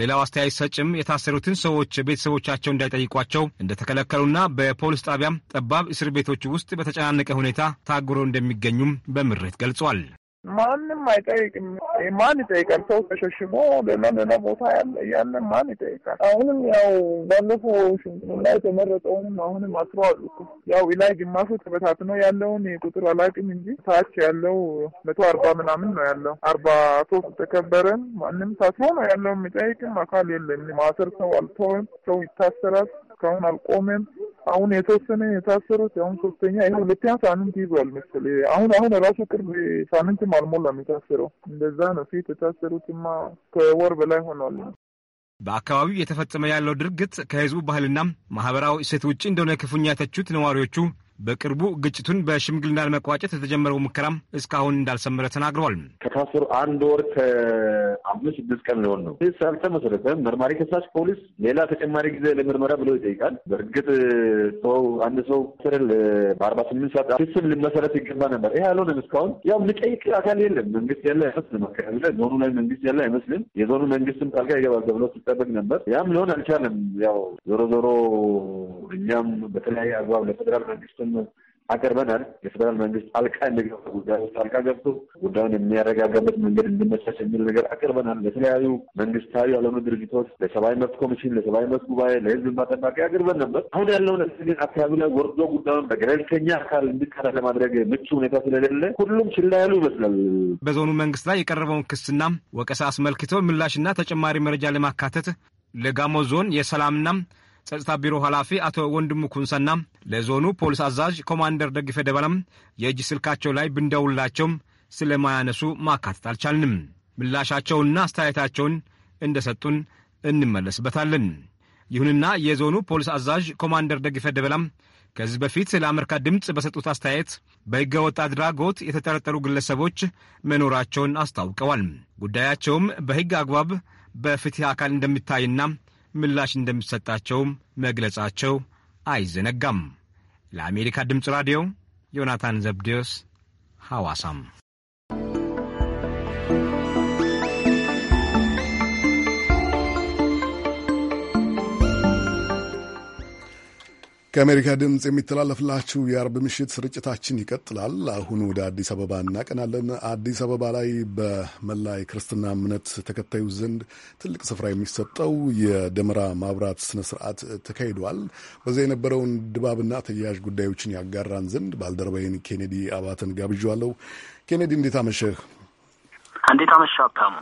ሌላው አስተያየት ሰጭም የታሰሩትን ሰዎች ቤተሰቦቻቸው እንዳይጠይቋቸው እንደተከለከሉና በፖሊስ ጣቢያም ጠባብ እስር ቤቶች ውስጥ በተጨናነቀ ሁኔታ ታጉረው እንደሚገኙም በምሬት ገልጿል። ማንም አይጠይቅም። ማን ይጠይቃል? ሰው ተሸሽሞ ሌላ ሌላ ቦታ ያለ ማን ይጠይቃል? አሁንም ያው ባለፈው ሽምግልና የተመረጠውንም አሁንም አስሮ አሉ። ያው ላይ ግማሹ ነው ያለውን ቁጥር አላውቅም እንጂ ታች ያለው መቶ አርባ ምናምን ነው ያለው። አርባ ሶስት ተከበረን ማንም ታስሮ ነው ያለው። የሚጠይቅም አካል የለም። ማሰር ሰው አልተወም። ሰው ይታሰራል። እስካሁን አልቆመም። አሁን የተወሰነ የታሰሩት አሁን ሶስተኛ ይህ ሁለተኛ ሳምንት ይዟል መሰለኝ። አሁን አሁን ራሱ ቅርብ ሳምንትም አልሞላም የታሰረው። እንደዛ ነው። ፊት የታሰሩትማ ከወር በላይ ሆኗል። በአካባቢው እየተፈጸመ ያለው ድርግት ከህዝቡ ባህልና ማህበራዊ እሴት ውጭ እንደሆነ ክፉኛ የተቹት ነዋሪዎቹ በቅርቡ ግጭቱን በሽምግልና ለመቋጨት የተጀመረው ሙከራም እስካሁን እንዳልሰመረ ተናግረዋል። ከታሰሩ አንድ ወር ከአምስት ስድስት ቀን ሊሆን ነው። ክስ አልተመሰረተም። መርማሪ ከሳሽ ፖሊስ ሌላ ተጨማሪ ጊዜ ለምርመራ ብሎ ይጠይቃል። በእርግጥ ሰው አንድ ሰው ስርል በአርባ ስምንት ሰዓት ክስም ልመሰረት ይገባ ነበር። ይህ አልሆነም። እስካሁን ያው የሚጠይቅ አካል የለም። መንግስት ያለ አይመስልም። አካባቢ ላይ ዞኑ ላይ መንግስት ያለ አይመስልም። የዞኑ መንግስትም ጣልቃ ይገባል ተብሎ ሲጠበቅ ነበር። ያም ሊሆን አልቻለም። ያው ዞሮ ዞሮ እኛም በተለያየ አግባብ ለፌዴራል መንግስትም አቅርበናል። የፌደራል መንግስት ጣልቃ እንዲገባ ጉዳይ ውስጥ ጣልቃ ገብቶ ጉዳዩን የሚያረጋጋበት መንገድ እንዲመቻች የሚል ነገር አቅርበናል። ለተለያዩ መንግስታዊ ያልሆኑ ድርጅቶች፣ ለሰብአዊ መብት ኮሚሽን፣ ለሰብአዊ መብት ጉባኤ፣ ለህዝብ ማጠባቂያ አቅርበን ነበር። አሁን ያለው ነገር ግን አካባቢ ላይ ወርዶ ጉዳዩን በገለልተኛ አካል እንዲካዳ ለማድረግ ምቹ ሁኔታ ስለሌለ ሁሉም ችላ ያሉ ይመስላል። በዞኑ መንግስት ላይ የቀረበውን ክስና ወቀሳ አስመልክቶ ምላሽና ተጨማሪ መረጃ ለማካተት ለጋሞ ዞን የሰላምና ጸጥታ ቢሮ ኃላፊ አቶ ወንድሙ ኩንሰና ለዞኑ ፖሊስ አዛዥ ኮማንደር ደግፌ ደበላም የእጅ ስልካቸው ላይ ብንደውላቸውም ስለማያነሱ ማካተት አልቻልንም። ምላሻቸውንና አስተያየታቸውን እንደሰጡን እንመለስበታለን። ይሁንና የዞኑ ፖሊስ አዛዥ ኮማንደር ደግፈ ደበላም ከዚህ በፊት ለአሜሪካ ድምፅ በሰጡት አስተያየት በሕገ ወጥ አድራጎት የተጠረጠሩ ግለሰቦች መኖራቸውን አስታውቀዋል። ጉዳያቸውም በሕግ አግባብ በፍትሕ አካል እንደሚታይና ምላሽ እንደሚሰጣቸውም መግለጻቸው አይዘነጋም። ለአሜሪካ ድምፅ ራዲዮ ዮናታን ዘብዴዎስ ሐዋሳም ከአሜሪካ ድምፅ የሚተላለፍላችሁ የአርብ ምሽት ስርጭታችን ይቀጥላል። አሁን ወደ አዲስ አበባ እናቀናለን። አዲስ አበባ ላይ በመላ የክርስትና እምነት ተከታዩ ዘንድ ትልቅ ስፍራ የሚሰጠው የደመራ ማብራት ስነ ስርዓት ተካሂዷል። በዚያ የነበረውን ድባብና ተያያዥ ጉዳዮችን ያጋራን ዘንድ ባልደረባይን ኬኔዲ አባተን ጋብዣለሁ። ኬኔዲ እንዴት አመሸህ? እንዴት አመሸህ ሀብታሙ?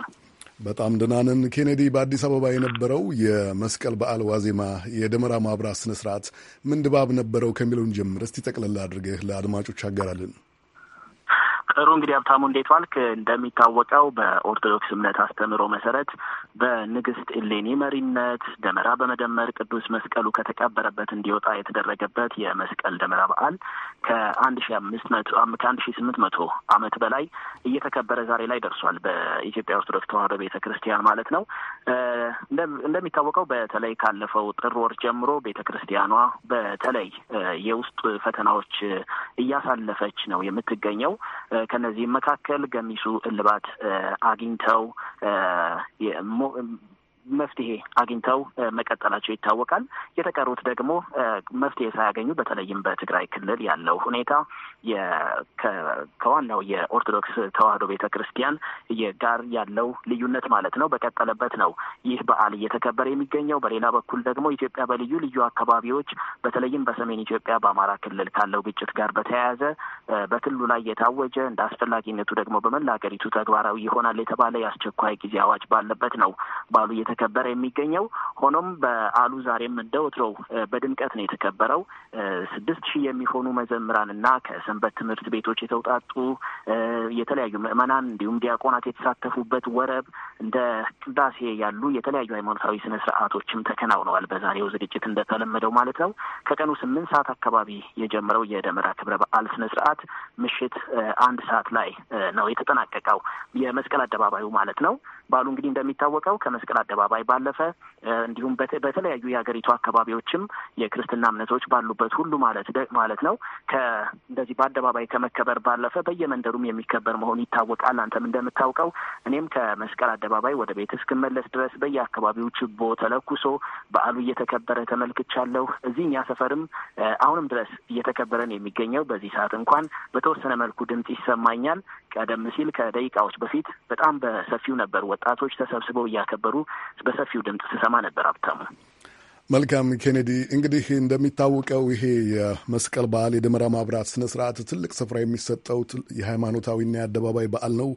በጣም ደህና ነን ኬኔዲ። በአዲስ አበባ የነበረው የመስቀል በዓል ዋዜማ የደመራ ማብራት ስነስርዓት ምን ድባብ ነበረው ከሚለውን ጀምር እስቲ ጠቅለላ አድርገህ ለአድማጮች አጋራልን። ጥሩ እንግዲህ ሀብታሙ እንዴት ዋልክ? እንደሚታወቀው በኦርቶዶክስ እምነት አስተምሮ መሰረት በንግስት እሌኒ መሪነት ደመራ በመደመር ቅዱስ መስቀሉ ከተቀበረበት እንዲወጣ የተደረገበት የመስቀል ደመራ በዓል ከአንድ ሺ አምስት መቶ ከአንድ ሺ ስምንት መቶ ዓመት በላይ እየተከበረ ዛሬ ላይ ደርሷል። በኢትዮጵያ ኦርቶዶክስ ተዋህዶ ቤተ ክርስቲያን ማለት ነው። እንደሚታወቀው በተለይ ካለፈው ጥር ወር ጀምሮ ቤተ ክርስቲያኗ በተለይ የውስጥ ፈተናዎች እያሳለፈች ነው የምትገኘው። ከነዚህም መካከል ገሚሱ እልባት አግኝተው መፍትሄ አግኝተው መቀጠላቸው ይታወቃል። የተቀሩት ደግሞ መፍትሄ ሳያገኙ በተለይም በትግራይ ክልል ያለው ሁኔታ ከዋናው የኦርቶዶክስ ተዋሕዶ ቤተ ክርስቲያን ጋር ያለው ልዩነት ማለት ነው በቀጠለበት ነው ይህ በዓል እየተከበረ የሚገኘው። በሌላ በኩል ደግሞ ኢትዮጵያ በልዩ ልዩ አካባቢዎች በተለይም በሰሜን ኢትዮጵያ በአማራ ክልል ካለው ግጭት ጋር በተያያዘ በክልሉ ላይ የታወጀ እንደ አስፈላጊነቱ ደግሞ በመላ ሀገሪቱ ተግባራዊ ይሆናል የተባለ የአስቸኳይ ጊዜ አዋጅ ባለበት ነው ባሉ እየተከበረ የሚገኘው። ሆኖም በዓሉ ዛሬም እንደ በድምቀት ነው የተከበረው። ስድስት ሺህ የሚሆኑ እና ከሰንበት ትምህርት ቤቶች የተውጣጡ የተለያዩ ምዕመናን እንዲሁም ዲያቆናት የተሳተፉበት ወረብ እንደ ቅዳሴ ያሉ የተለያዩ ሃይማኖታዊ ስነ ስርዓቶችም ተከናውነዋል። በዛሬው ዝግጅት እንደተለመደው ማለት ነው። ከቀኑ ስምንት ሰዓት አካባቢ የጀመረው የደመራ ክብረ በዓል ስነ ስርዓት ምሽት አንድ ሰዓት ላይ ነው የተጠናቀቀው። የመስቀል አደባባዩ ማለት ነው። በዓሉ እንግዲህ እንደሚታወቀው ከመስቀል አደባባይ ባለፈ እንዲሁም በተለያዩ የሀገሪቱ አካባቢዎችም የክርስትና እምነቶች ባሉበት ሁሉ ማለት ማለት ነው እንደዚህ በአደባባይ ከመከበር ባለፈ በየመንደሩም የሚከበር መሆኑ ይታወቃል። አንተም እንደምታውቀው እኔም ከመስቀል አደባባይ ወደ ቤት እስክመለስ ድረስ በየአካባቢው ችቦ ተለኩሶ በዓሉ እየተከበረ ተመልክቻለሁ። እዚህ እኛ ሰፈርም አሁንም ድረስ እየተከበረን የሚገኘው በዚህ ሰዓት እንኳን በተወሰነ መልኩ ድምፅ ይሰማኛል። ቀደም ሲል ከደቂቃዎች በፊት በጣም በሰፊው ነበር ወጣቶች ተሰብስበው እያከበሩ በሰፊው ድምፅ ስሰማ ነበር። አብታሙ መልካም ኬኔዲ፣ እንግዲህ እንደሚታወቀው ይሄ የመስቀል በዓል የደመራ ማብራት ስነ ስርዓት ትልቅ ስፍራ የሚሰጠው የሃይማኖታዊና የአደባባይ በዓል ነው።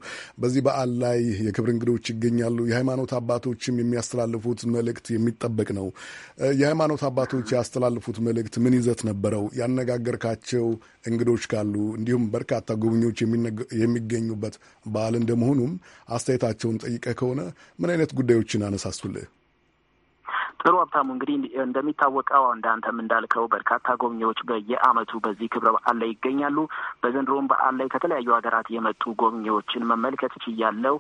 በዚህ በዓል ላይ የክብር እንግዶች ይገኛሉ። የሃይማኖት አባቶችም የሚያስተላልፉት መልእክት የሚጠበቅ ነው። የሃይማኖት አባቶች ያስተላልፉት መልእክት ምን ይዘት ነበረው? ያነጋገርካቸው እንግዶች ካሉ እንዲሁም በርካታ ጎብኚዎች የሚገኙበት በዓል እንደመሆኑም አስተያየታቸውን ጠይቀ ከሆነ ምን አይነት ጉዳዮችን አነሳሱልህ? ጥሩ ሀብታሙ፣ እንግዲህ እንደሚታወቀው እንዳንተም እንዳልከው በርካታ ጎብኚዎች በየአመቱ በዚህ ክብረ በዓል ላይ ይገኛሉ። በዘንድሮም በዓል ላይ ከተለያዩ ሀገራት የመጡ ጎብኚዎችን መመልከት ችያለው።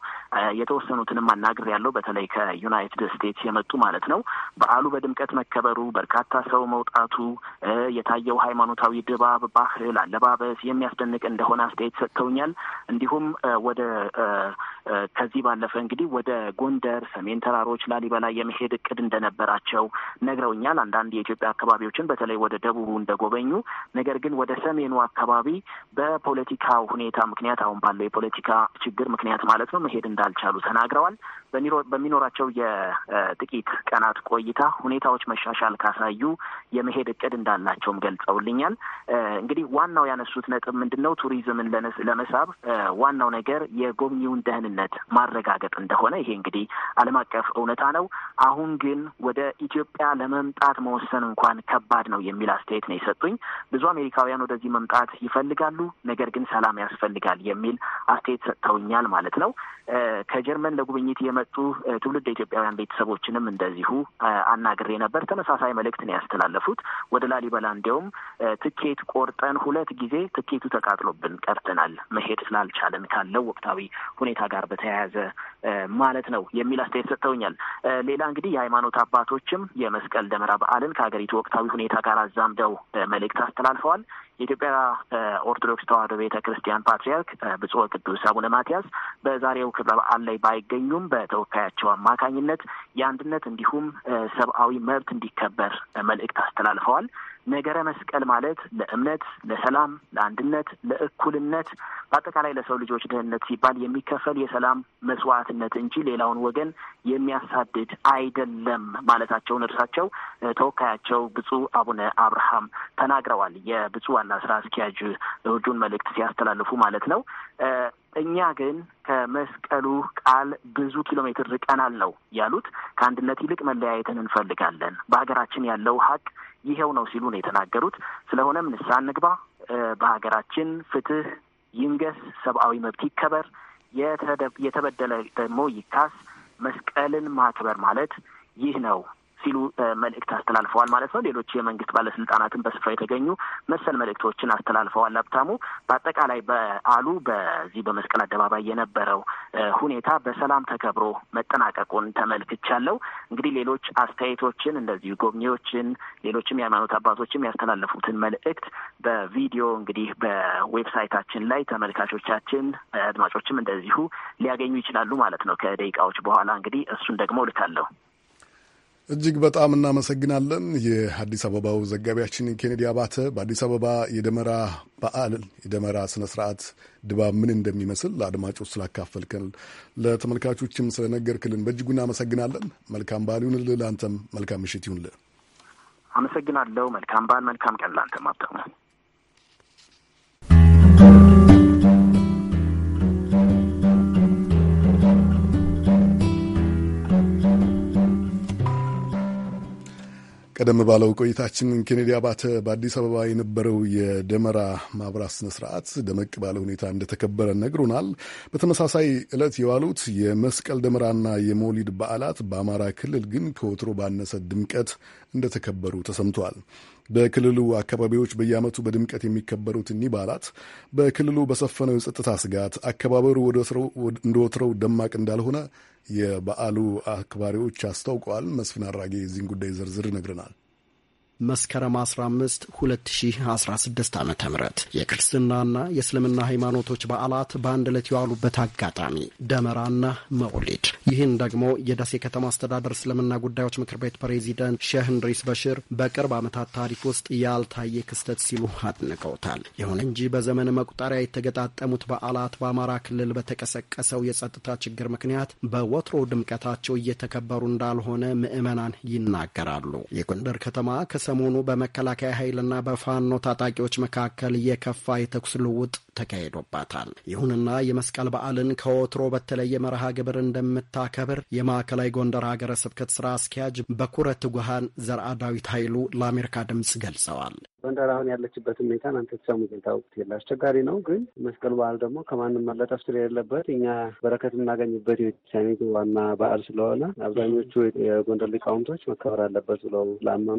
የተወሰኑትንም አናግር ያለው በተለይ ከዩናይትድ ስቴትስ የመጡ ማለት ነው። በዓሉ በድምቀት መከበሩ፣ በርካታ ሰው መውጣቱ፣ የታየው ሃይማኖታዊ ድባብ፣ ባህል፣ አለባበስ የሚያስደንቅ እንደሆነ አስተያየት ሰጥተውኛል። እንዲሁም ወደ ከዚህ ባለፈ እንግዲህ ወደ ጎንደር፣ ሰሜን ተራሮች፣ ላሊበላ የመሄድ እቅድ እንደነበረ እንደሚኖራቸው ነግረውኛል። አንዳንድ የኢትዮጵያ አካባቢዎችን በተለይ ወደ ደቡቡ እንደጎበኙ፣ ነገር ግን ወደ ሰሜኑ አካባቢ በፖለቲካ ሁኔታ ምክንያት አሁን ባለው የፖለቲካ ችግር ምክንያት ማለት ነው መሄድ እንዳልቻሉ ተናግረዋል። በሚኖራቸው የጥቂት ቀናት ቆይታ ሁኔታዎች መሻሻል ካሳዩ የመሄድ እቅድ እንዳላቸውም ገልጸውልኛል። እንግዲህ ዋናው ያነሱት ነጥብ ምንድን ነው? ቱሪዝምን ለመሳብ ዋናው ነገር የጎብኚውን ደህንነት ማረጋገጥ እንደሆነ ይሄ እንግዲህ ዓለም አቀፍ እውነታ ነው። አሁን ግን ወደ ኢትዮጵያ ለመምጣት መወሰን እንኳን ከባድ ነው የሚል አስተያየት ነው የሰጡኝ። ብዙ አሜሪካውያን ወደዚህ መምጣት ይፈልጋሉ፣ ነገር ግን ሰላም ያስፈልጋል የሚል አስተያየት ሰጥተውኛል ማለት ነው። ከጀርመን ለጉብኝት የመ የመጡ ትውልድ ኢትዮጵያውያን ቤተሰቦችንም እንደዚሁ አናግሬ ነበር። ተመሳሳይ መልእክት ነው ያስተላለፉት። ወደ ላሊበላ እንዲያውም ትኬት ቆርጠን ሁለት ጊዜ ትኬቱ ተቃጥሎብን ቀርተናል መሄድ ስላልቻለን ካለው ወቅታዊ ሁኔታ ጋር በተያያዘ ማለት ነው የሚል አስተያየት ሰጥተውኛል። ሌላ እንግዲህ የሃይማኖት አባቶችም የመስቀል ደመራ በዓልን ከሀገሪቱ ወቅታዊ ሁኔታ ጋር አዛምደው መልእክት አስተላልፈዋል። የኢትዮጵያ ኦርቶዶክስ ተዋሕዶ ቤተ ክርስቲያን ፓትርያርክ ብፁዕ ቅዱስ አቡነ ማትያስ በዛሬው ክብረ በዓል ላይ ባይገኙም በተወካያቸው አማካኝነት የአንድነት እንዲሁም ሰብአዊ መብት እንዲከበር መልእክት አስተላልፈዋል። ነገረ መስቀል ማለት ለእምነት፣ ለሰላም፣ ለአንድነት፣ ለእኩልነት በአጠቃላይ ለሰው ልጆች ደህንነት ሲባል የሚከፈል የሰላም መስዋዕትነት እንጂ ሌላውን ወገን የሚያሳድድ አይደለም ማለታቸውን እርሳቸው ተወካያቸው ብፁዕ አቡነ አብርሃም ተናግረዋል። የብፁዕ ዋና ስራ አስኪያጅ እሁዱን መልእክት ሲያስተላልፉ ማለት ነው። እኛ ግን ከመስቀሉ ቃል ብዙ ኪሎ ሜትር ርቀናል ነው ያሉት። ከአንድነት ይልቅ መለያየትን እንፈልጋለን። በሀገራችን ያለው ሀቅ ይሄው ነው ሲሉ ነው የተናገሩት። ስለሆነም ንስሐ እንግባ፣ በሀገራችን ፍትህ ይንገስ፣ ሰብአዊ መብት ይከበር፣ የተበደለ ደግሞ ይካስ። መስቀልን ማክበር ማለት ይህ ነው ሲሉ መልእክት አስተላልፈዋል ማለት ነው። ሌሎች የመንግስት ባለስልጣናትን በስፍራ የተገኙ መሰል መልእክቶችን አስተላልፈዋል። ሀብታሙ፣ በአጠቃላይ በዓሉ በዚህ በመስቀል አደባባይ የነበረው ሁኔታ በሰላም ተከብሮ መጠናቀቁን ተመልክቻለሁ። እንግዲህ ሌሎች አስተያየቶችን እንደዚሁ ጎብኚዎችን፣ ሌሎችም የሃይማኖት አባቶችም ያስተላለፉትን መልእክት በቪዲዮ እንግዲህ በዌብሳይታችን ላይ ተመልካቾቻችን አድማጮችም እንደዚሁ ሊያገኙ ይችላሉ ማለት ነው። ከደቂቃዎች በኋላ እንግዲህ እሱን ደግሞ ልካለሁ። እጅግ በጣም እናመሰግናለን። የአዲስ አበባው ዘጋቢያችን ኬኔዲ አባተ በአዲስ አበባ የደመራ በዓል የደመራ ስነ ስርዓት ድባብ ምን እንደሚመስል ለአድማጮች ስላካፈልከን፣ ለተመልካቾችም ስለነገርክልን በእጅጉ እናመሰግናለን። መልካም በዓል ይሁንልህ። ለአንተም መልካም ምሽት ይሁንልህ። አመሰግናለሁ። መልካም በዓል፣ መልካም ቀን ለአንተም። ቀደም ባለው ቆይታችን ኬኔዲ አባተ በአዲስ አበባ የነበረው የደመራ ማብራት ስነ ስርዓት ደመቅ ባለ ሁኔታ እንደተከበረ ነግሩናል። በተመሳሳይ ዕለት የዋሉት የመስቀል ደመራና የመውሊድ በዓላት በአማራ ክልል ግን ከወትሮ ባነሰ ድምቀት እንደተከበሩ ተሰምተዋል። በክልሉ አካባቢዎች በየዓመቱ በድምቀት የሚከበሩት እኒህ በዓላት በክልሉ በሰፈነው የጸጥታ ስጋት አከባበሩ እንደወትረው ደማቅ እንዳልሆነ የበዓሉ አክባሪዎች አስታውቀዋል። መስፍን አራጌ የዚህን ጉዳይ ዝርዝር ይነግረናል። መስከረም 15 2016 ዓ ም የክርስትናና የእስልምና ሃይማኖቶች በዓላት በአንድ ዕለት የዋሉበት አጋጣሚ ደመራና መውሊድ። ይህን ደግሞ የደሴ ከተማ አስተዳደር እስልምና ጉዳዮች ምክር ቤት ፕሬዚደንት ሼህ እንድሪስ በሽር በቅርብ ዓመታት ታሪክ ውስጥ ያልታየ ክስተት ሲሉ አድንቀውታል። ይሁን እንጂ በዘመን መቁጠሪያ የተገጣጠሙት በዓላት በአማራ ክልል በተቀሰቀሰው የጸጥታ ችግር ምክንያት በወትሮ ድምቀታቸው እየተከበሩ እንዳልሆነ ምዕመናን ይናገራሉ። የጎንደር ከተማ ከሰሞኑ በመከላከያ ኃይልና በፋኖ ታጣቂዎች መካከል የከፋ የተኩስ ልውጥ ተካሂዶባታል። ይሁንና የመስቀል በዓልን ከወትሮ በተለየ መርሃ ግብር እንደምታከብር የማዕከላዊ ጎንደር ሀገረ ስብከት ስራ አስኪያጅ በኩረ ትጉሃን ዘርአ ዳዊት ኃይሉ ለአሜሪካ ድምፅ ገልጸዋል። ጎንደር አሁን ያለችበት ሁኔታ እናንተ ተሰሙ ታውቁት የለ አስቸጋሪ ነው። ግን መስቀል በዓል ደግሞ ከማንም መለጠፍ ስለሌለበት እኛ በረከት የምናገኝበት የቤተክርስቲያኒቱ ዋና በዓል ስለሆነ አብዛኞቹ የጎንደር ሊቃውንቶች መከበር አለበት ብለው ስላመኑ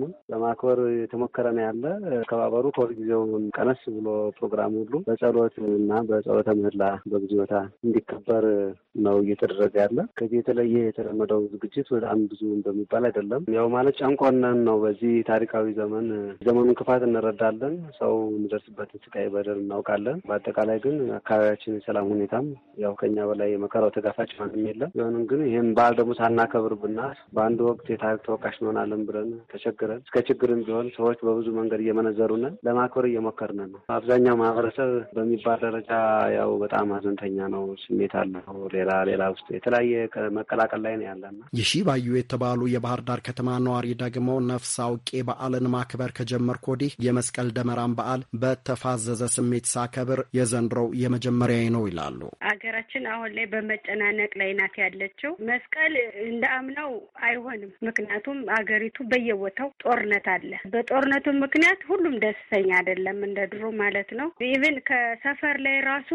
ለማክበር የተሞከረ ነው ያለ አከባበሩ ከሁልጊዜው ቀነስ ብሎ ፕሮግራም ሁሉ በጸሎት እና በጸሎተ ምህላ በጊዜታ እንዲከበር ነው እየተደረገ ያለ። ከዚህ የተለየ የተለመደው ዝግጅት በጣም ብዙ እንደሚባል አይደለም። ያው ማለት ጨንቆነን ነው። በዚህ ታሪካዊ ዘመን ዘመኑን ክፋት እንረዳለን። ሰው የሚደርስበትን ስቃይ በደል እናውቃለን። በአጠቃላይ ግን አካባቢያችን የሰላም ሁኔታም ያው ከኛ በላይ የመከራው ተጋፋጭ ማንም የለም። ቢሆንም ግን ይህን በዓል ደግሞ ሳናከብር ብናስ በአንድ ወቅት የታሪክ ተወቃሽ እንሆናለን ብለን ተቸግረን እስከ ችግር ችግርም ቢሆን ሰዎች በብዙ መንገድ እየመነዘሩን ለማክበር እየሞከርን ነው። አብዛኛው ማህበረሰብ በሚባል ደረጃ ያው በጣም አዘንተኛ ነው፣ ስሜት አለው። ሌላ ሌላ ውስጥ የተለያየ መቀላቀል ላይ ነው ያለና ባዩ የተባሉ የባህር ዳር ከተማ ነዋሪ ደግሞ ነፍስ አውቄ በዓልን ማክበር ከጀመርኩ ወዲህ የመስቀል ደመራን በዓል በተፋዘዘ ስሜት ሳከብር የዘንድሮው የመጀመሪያ ነው ይላሉ። አገራችን አሁን ላይ በመጨናነቅ ላይ ናት ያለችው። መስቀል እንደ አምናው አይሆንም፣ ምክንያቱም አገሪቱ በየቦታው ጦርነት አለ። በጦርነቱ ምክንያት ሁሉም ደስተኛ አይደለም፣ እንደ ድሮ ማለት ነው። ኢቨን ከሰፈር ላይ ራሱ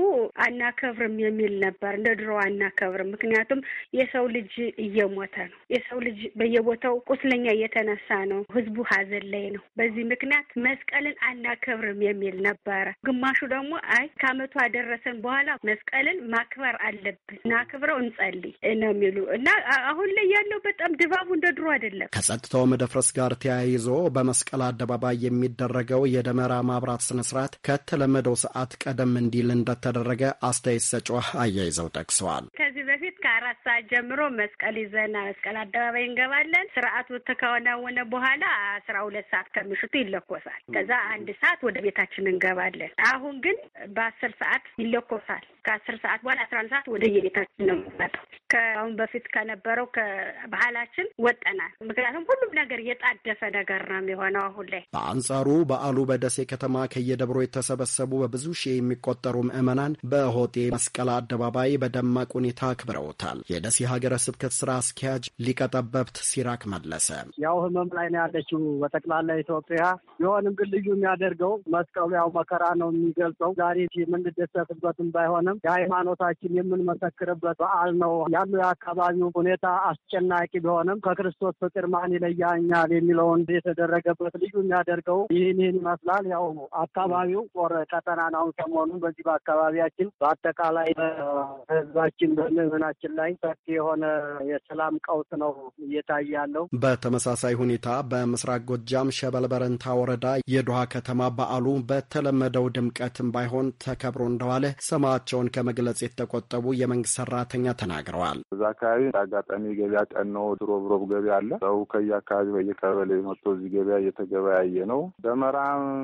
አናከብርም የሚል ነበር፣ እንደ ድሮ አናከብርም። ምክንያቱም የሰው ልጅ እየሞተ ነው። የሰው ልጅ በየቦታው ቁስለኛ እየተነሳ ነው። ህዝቡ ሀዘን ላይ ነው። በዚህ ምክንያት መስቀልን አናከብርም የሚል ነበረ። ግማሹ ደግሞ አይ ከአመቱ አደረሰን በኋላ መስቀልን ማክበር አለብን፣ እናክብረው፣ እንጸልይ ነው የሚሉ እና አሁን ላይ ያለው በጣም ድባቡ እንደ ድሮ አይደለም። ከጸጥታው መደፍረስ ጋር ተያይዞ በመስቀል አደባባይ የሚደረገው የደመራ ማብራት ስነስርዓት ከተለመደው ሰዓት ቀደም እንዲል እንደተደረገ አስተያየት ሰጪዋ አያይዘው ጠቅሰዋል። ከዚህ በፊት ከአራት ሰዓት ጀምሮ መስቀል ይዘና መስቀል አደባባይ እንገባለን። ስርዓቱ ከወነወነ በኋላ አስራ ሁለት ሰዓት ከምሽቱ ይለኮሳል። ከዛ አንድ ሰዓት ወደ ቤታችን እንገባለን። አሁን ግን በአስር ሰዓት ይለኮሳል። ከአስር ሰዓት በኋላ አስራ አንድ ሰዓት ወደ የቤታችን ነው የምንመጣው። ከአሁን በፊት ከነበረው ከባህላችን ወጠናል። ምክንያቱም ሁሉም ነገር የጣደፈ ነገር ነው ነው የሚሆነው አሁን ላይ። በአንጻሩ በዓሉ በደሴ ከተማ ከየደብሮ የተሰበሰቡ በብዙ ሺህ የሚቆጠሩ ምዕመናን በሆጤ መስቀል አደባባይ በደማቅ ሁኔታ አክብረውታል። የደሴ ሀገረ ስብከት ስራ አስኪያጅ ሊቀጠበብት ሲራክ መለሰ ያው ህመም ላይ ነው ያለችው በጠቅላላ ኢትዮጵያ። ቢሆንም ግን ልዩ የሚያደርገው መስቀሉ ያው መከራ ነው የሚገልጸው። ዛሬ የምንደሰትበትም ባይሆንም የሃይማኖታችን የምንመሰክርበት በዓል ነው። ያሉ የአካባቢው ሁኔታ አስጨናቂ ቢሆንም ከክርስቶስ ፍቅር ማን ይለያኛል የሚለውን የተደረ የተደረገበት ልዩ የሚያደርገው ይህን ይህን ይመስላል። ያው አካባቢው ጦር ቀጠና ነው። ሰሞኑን በዚህ በአካባቢያችን በአጠቃላይ በህዝባችን በምዕመናችን ላይ ሰፊ የሆነ የሰላም ቀውስ ነው እየታየ ያለው። በተመሳሳይ ሁኔታ በምስራቅ ጎጃም ሸበልበረንታ ወረዳ የዱሃ ከተማ በዓሉ በተለመደው ድምቀትም ባይሆን ተከብሮ እንደዋለ ስማቸውን ከመግለጽ የተቆጠቡ የመንግስት ሰራተኛ ተናግረዋል። እዛ አካባቢ አጋጣሚ ገበያ ቀን ነው። ሮብሮብ ገበያ አለ። ሰው ከየ አካባቢ በየቀበሌ መጥቶ እዚህ ገበያ እየተገበያየ ነው። ደመራ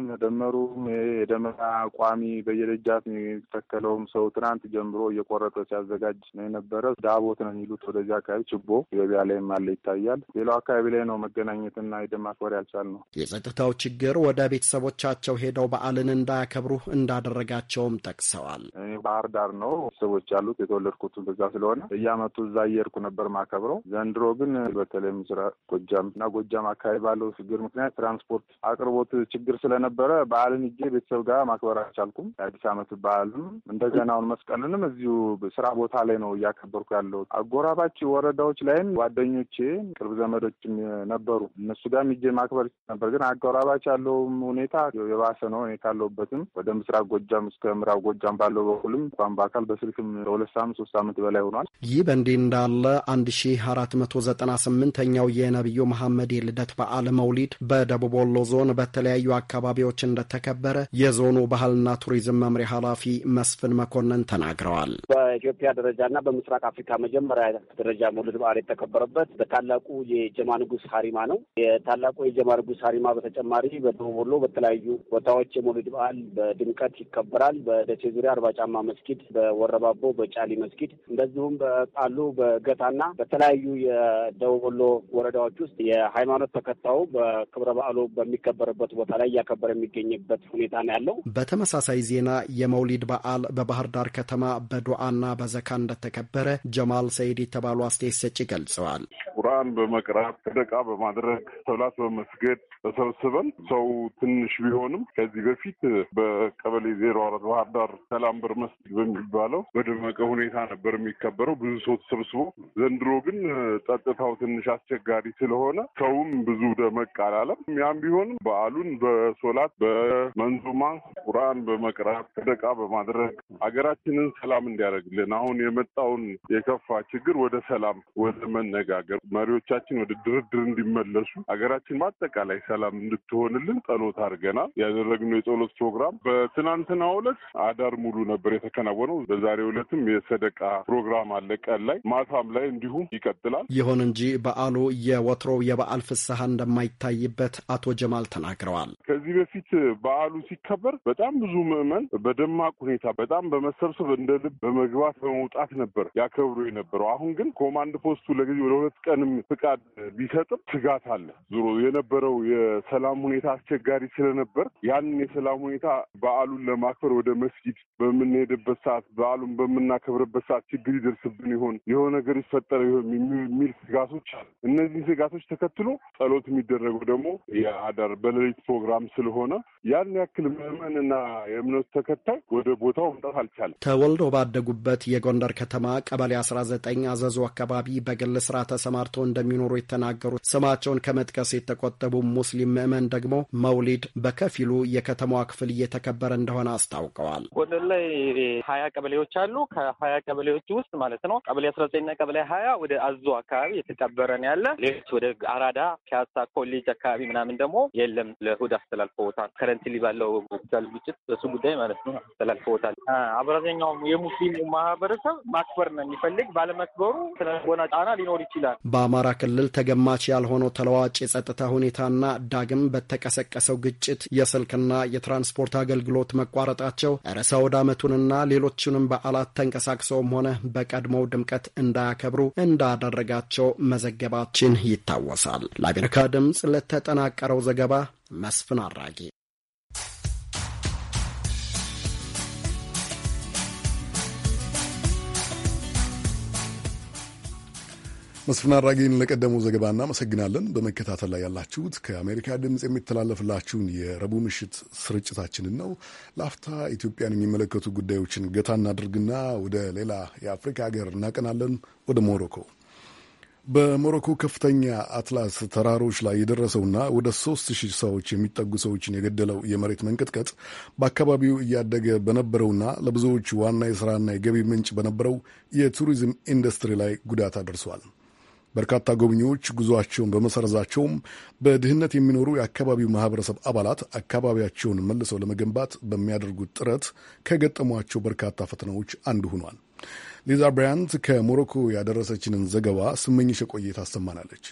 መደመሩም የደመራ ቋሚ በየደጃት የሚተከለውም ሰው ትናንት ጀምሮ እየቆረጠ ሲያዘጋጅ ነው የነበረ። ዳቦት ነው የሚሉት ወደዚህ አካባቢ ችቦ ገበያ ላይም አለ ይታያል። ሌላው አካባቢ ላይ ነው መገናኘትና የደማት ወር ያልቻል ነው። የጸጥታው ችግር ወደ ቤተሰቦቻቸው ሄደው በዓልን እንዳያከብሩ እንዳደረጋቸውም ጠቅሰዋል። እኔ ባህር ዳር ነው ቤተሰቦች ያሉት የተወለድኩት በዛ ስለሆነ እያመጡ እዛ እየሄድኩ ነበር ማከብረው። ዘንድሮ ግን በተለይ ምስራቅ ጎጃም እና ጎጃም አካባቢ ባለው ችግር ምክንያት ትራንስፖርት አቅርቦት ችግር ስለነበረ በዓልን እጄ ቤተሰብ ጋር ማክበር አልቻልኩም። የአዲስ ዓመት በዓልም እንደገና አሁን መስቀልንም እዚሁ ስራ ቦታ ላይ ነው እያከበርኩ ያለው። አጎራባች ወረዳዎች ላይም ጓደኞቼ ቅርብ ዘመዶችም ነበሩ። እነሱ ጋርም እጄ ማክበር ነበር፣ ግን አጎራባች ያለውም ሁኔታ የባሰ ነው። እኔ ካለሁበትም ወደ ምስራቅ ጎጃም እስከ ምዕራብ ጎጃም ባለው በኩልም እንኳን በአካል በስልክም ለሁለት ሳምንት ሶስት ሳምንት በላይ ሆኗል። ይህ በእንዲህ እንዳለ አንድ ሺ አራት መቶ ዘጠና ስምንተኛው የነቢዩ መሐመድ የልደት በዓል መውሊድ ማውሊድ በደቡብ ወሎ ዞን በተለያዩ አካባቢዎች እንደተከበረ የዞኑ ባህልና ቱሪዝም መምሪያ ኃላፊ መስፍን መኮንን ተናግረዋል። በኢትዮጵያ ደረጃና በምስራቅ አፍሪካ መጀመሪያ ደረጃ መውሊድ በዓል የተከበረበት በታላቁ የጀማ ንጉስ ሀሪማ ነው። የታላቁ የጀማ ንጉስ ሀሪማ በተጨማሪ በደቡብ ወሎ በተለያዩ ቦታዎች የመውሊድ በዓል በድምቀት ይከበራል። በደሴ ዙሪያ አርባ ጫማ መስጊድ፣ በወረባቦ በጫሊ መስጊድ እንደዚሁም በጣሉ በገታና በተለያዩ የደቡብ ወሎ ወረዳዎች ውስጥ የሃይማኖት ተከታዩ ክብረ በዓሉ በሚከበርበት ቦታ ላይ እያከበረ የሚገኝበት ሁኔታ ነው ያለው። በተመሳሳይ ዜና የመውሊድ በዓል በባህር ዳር ከተማ በዱዓና በዘካ እንደተከበረ ጀማል ሰይድ የተባሉ አስተያየት ሰጪ ገልጸዋል። ቁርአን በመቅራት ሰደቃ በማድረግ ሰላት በመስገድ ተሰብስበን ሰው ትንሽ ቢሆንም ከዚህ በፊት በቀበሌ ዜሮ አራት ባህር ዳር ሰላም በር መስጊድ በሚባለው በደመቀ ሁኔታ ነበር የሚከበረው ብዙ ሰው ተሰብስቦ። ዘንድሮ ግን ጸጥታው ትንሽ አስቸጋሪ ስለሆነ ሰውም ብዙ ደመቅ አላለም። ያም ቢሆንም በዓሉን በሶላት በመንዙማ ቁርአን በመቅራት ሰደቃ በማድረግ ሀገራችንን ሰላም እንዲያደርግልን አሁን የመጣውን የከፋ ችግር ወደ ሰላም ወደ መነጋገር መሪዎቻችን ወደ ድርድር እንዲመለሱ ሀገራችን በአጠቃላይ ሰላም እንድትሆንልን ጸሎት አድርገናል። ያደረግነው የጸሎት ፕሮግራም በትናንትናው ዕለት አዳር ሙሉ ነበር የተከናወነው። በዛሬው ዕለትም የሰደቃ ፕሮግራም አለ ቀን ላይ ማታም ላይ እንዲሁም ይቀጥላል። ይሁን እንጂ በዓሉ የወትሮው የበዓል ፍስሐ እንደማይታይ እንደሚታይበት አቶ ጀማል ተናግረዋል። ከዚህ በፊት በዓሉ ሲከበር በጣም ብዙ ምዕመን በደማቅ ሁኔታ በጣም በመሰብሰብ እንደ ልብ በመግባት በመውጣት ነበር ያከብሩ የነበረው። አሁን ግን ኮማንድ ፖስቱ ወደ ሁለት ቀንም ፍቃድ ቢሰጥም ስጋት አለ። ዞሮ የነበረው የሰላም ሁኔታ አስቸጋሪ ስለነበር ያንን የሰላም ሁኔታ በዓሉን ለማክበር ወደ መስጊድ በምንሄድበት ሰዓት በዓሉን በምናከብርበት ሰዓት ችግር ይደርስብን ይሆን የሆነ ነገር ይፈጠረ ይሆን የሚል ስጋቶች አሉ። እነዚህ ስጋቶች ተከትሎ ጸሎት የሚደረገው ደግሞ የአዳር በሌሊት ፕሮግራም ስለሆነ ያን ያክል ምዕመንና የእምነት ተከታይ ወደ ቦታው መምጣት አልቻለም። ተወልዶ ባደጉበት የጎንደር ከተማ ቀበሌ አስራ ዘጠኝ አዘዞ አካባቢ በግል ስራ ተሰማርተው እንደሚኖሩ የተናገሩት ስማቸውን ከመጥቀስ የተቆጠቡ ሙስሊም ምዕመን ደግሞ መውሊድ በከፊሉ የከተማዋ ክፍል እየተከበረ እንደሆነ አስታውቀዋል። ጎንደር ላይ ሀያ ቀበሌዎች አሉ። ከሀያ ቀበሌዎች ውስጥ ማለት ነው ቀበሌ አስራ ዘጠኝና ቀበሌ ሀያ ወደ አዞ አካባቢ የተቀበረ ነው ያለ ሌሎች ወደ አራዳ፣ ፒያሳ፣ ኮሌጅ አካባቢ ምናምን ደግሞ የለም ለእሑድ አስተላልፈውታል። ከረንትሊ ባለው ሆስፒታል ግጭት በሱ ጉዳይ ማለት ነው አስተላልፈውታል። አብዛኛው የሙስሊሙ ማህበረሰብ ማክበር ነው የሚፈልግ ባለመክበሩ ስለቦና ጫና ሊኖር ይችላል። በአማራ ክልል ተገማች ያልሆነው ተለዋጭ የጸጥታ ሁኔታና ዳግም በተቀሰቀሰው ግጭት የስልክና የትራንስፖርት አገልግሎት መቋረጣቸው ርዕሰ ወደ ዓመቱንና ሌሎቹንም በዓላት ተንቀሳቅሰውም ሆነ በቀድሞው ድምቀት እንዳያከብሩ እንዳደረጋቸው መዘገባችን ይታወሳል። ለአሜሪካ ድምፅ ለተጠናቀረው ዘገባ መስፍን አራጌ። መስፍን አድራጌን ለቀደመው ዘገባ እናመሰግናለን። በመከታተል ላይ ያላችሁት ከአሜሪካ ድምፅ የሚተላለፍላችሁን የረቡዕ ምሽት ስርጭታችንን ነው። ላፍታ ኢትዮጵያን የሚመለከቱ ጉዳዮችን ገታ እናድርግና ወደ ሌላ የአፍሪካ ሀገር እናቀናለን፣ ወደ ሞሮኮ በሞሮኮ ከፍተኛ አትላስ ተራሮች ላይ የደረሰውና ወደ ሶስት ሺህ ሰዎች የሚጠጉ ሰዎችን የገደለው የመሬት መንቀጥቀጥ በአካባቢው እያደገ በነበረውና ለብዙዎች ዋና የሥራና የገቢ ምንጭ በነበረው የቱሪዝም ኢንዱስትሪ ላይ ጉዳት አድርሷል። በርካታ ጎብኚዎች ጉዞአቸውን በመሰረዛቸውም በድህነት የሚኖሩ የአካባቢው ማህበረሰብ አባላት አካባቢያቸውን መልሰው ለመገንባት በሚያደርጉት ጥረት ከገጠሟቸው በርካታ ፈተናዎች አንዱ ሆኗል። ሊዛ ብራያንት ከሞሮኮ ያደረሰችንን ዘገባ ስመኝሽ ቆየ አሰማናለች።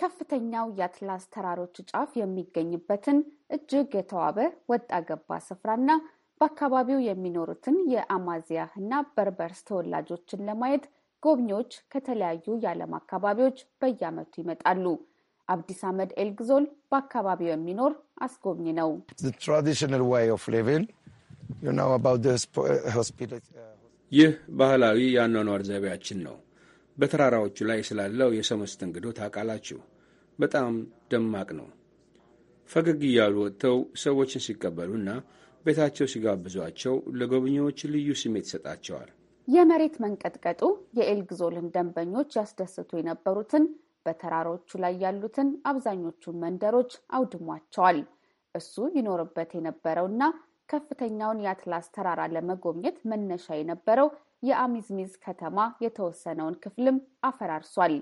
ከፍተኛው የአትላስ ተራሮች ጫፍ የሚገኝበትን እጅግ የተዋበ ወጣ ገባ ስፍራና በአካባቢው የሚኖሩትን የአማዚያህ እና በርበርስ ተወላጆችን ለማየት ጎብኚዎች ከተለያዩ የዓለም አካባቢዎች በየዓመቱ ይመጣሉ። አብዲስ አህመድ ኤልግዞል በአካባቢው የሚኖር አስጎብኝ ነው። ይህ ባህላዊ የአኗኗር ዘይቤያችን ነው። በተራራዎቹ ላይ ስላለው የሰው መስተንግዶ ታውቃላችሁ። በጣም ደማቅ ነው። ፈገግ እያሉ ወጥተው ሰዎችን ሲቀበሉና ቤታቸው ሲጋብዟቸው ለጎብኚዎች ልዩ ስሜት ይሰጣቸዋል። የመሬት መንቀጥቀጡ የኤልግዞልን ደንበኞች ያስደስቱ የነበሩትን በተራሮቹ ላይ ያሉትን አብዛኞቹን መንደሮች አውድሟቸዋል። እሱ ይኖርበት የነበረውና ከፍተኛውን የአትላስ ተራራ ለመጎብኘት መነሻ የነበረው የአሚዝሚዝ ከተማ የተወሰነውን ክፍልም አፈራርሷል።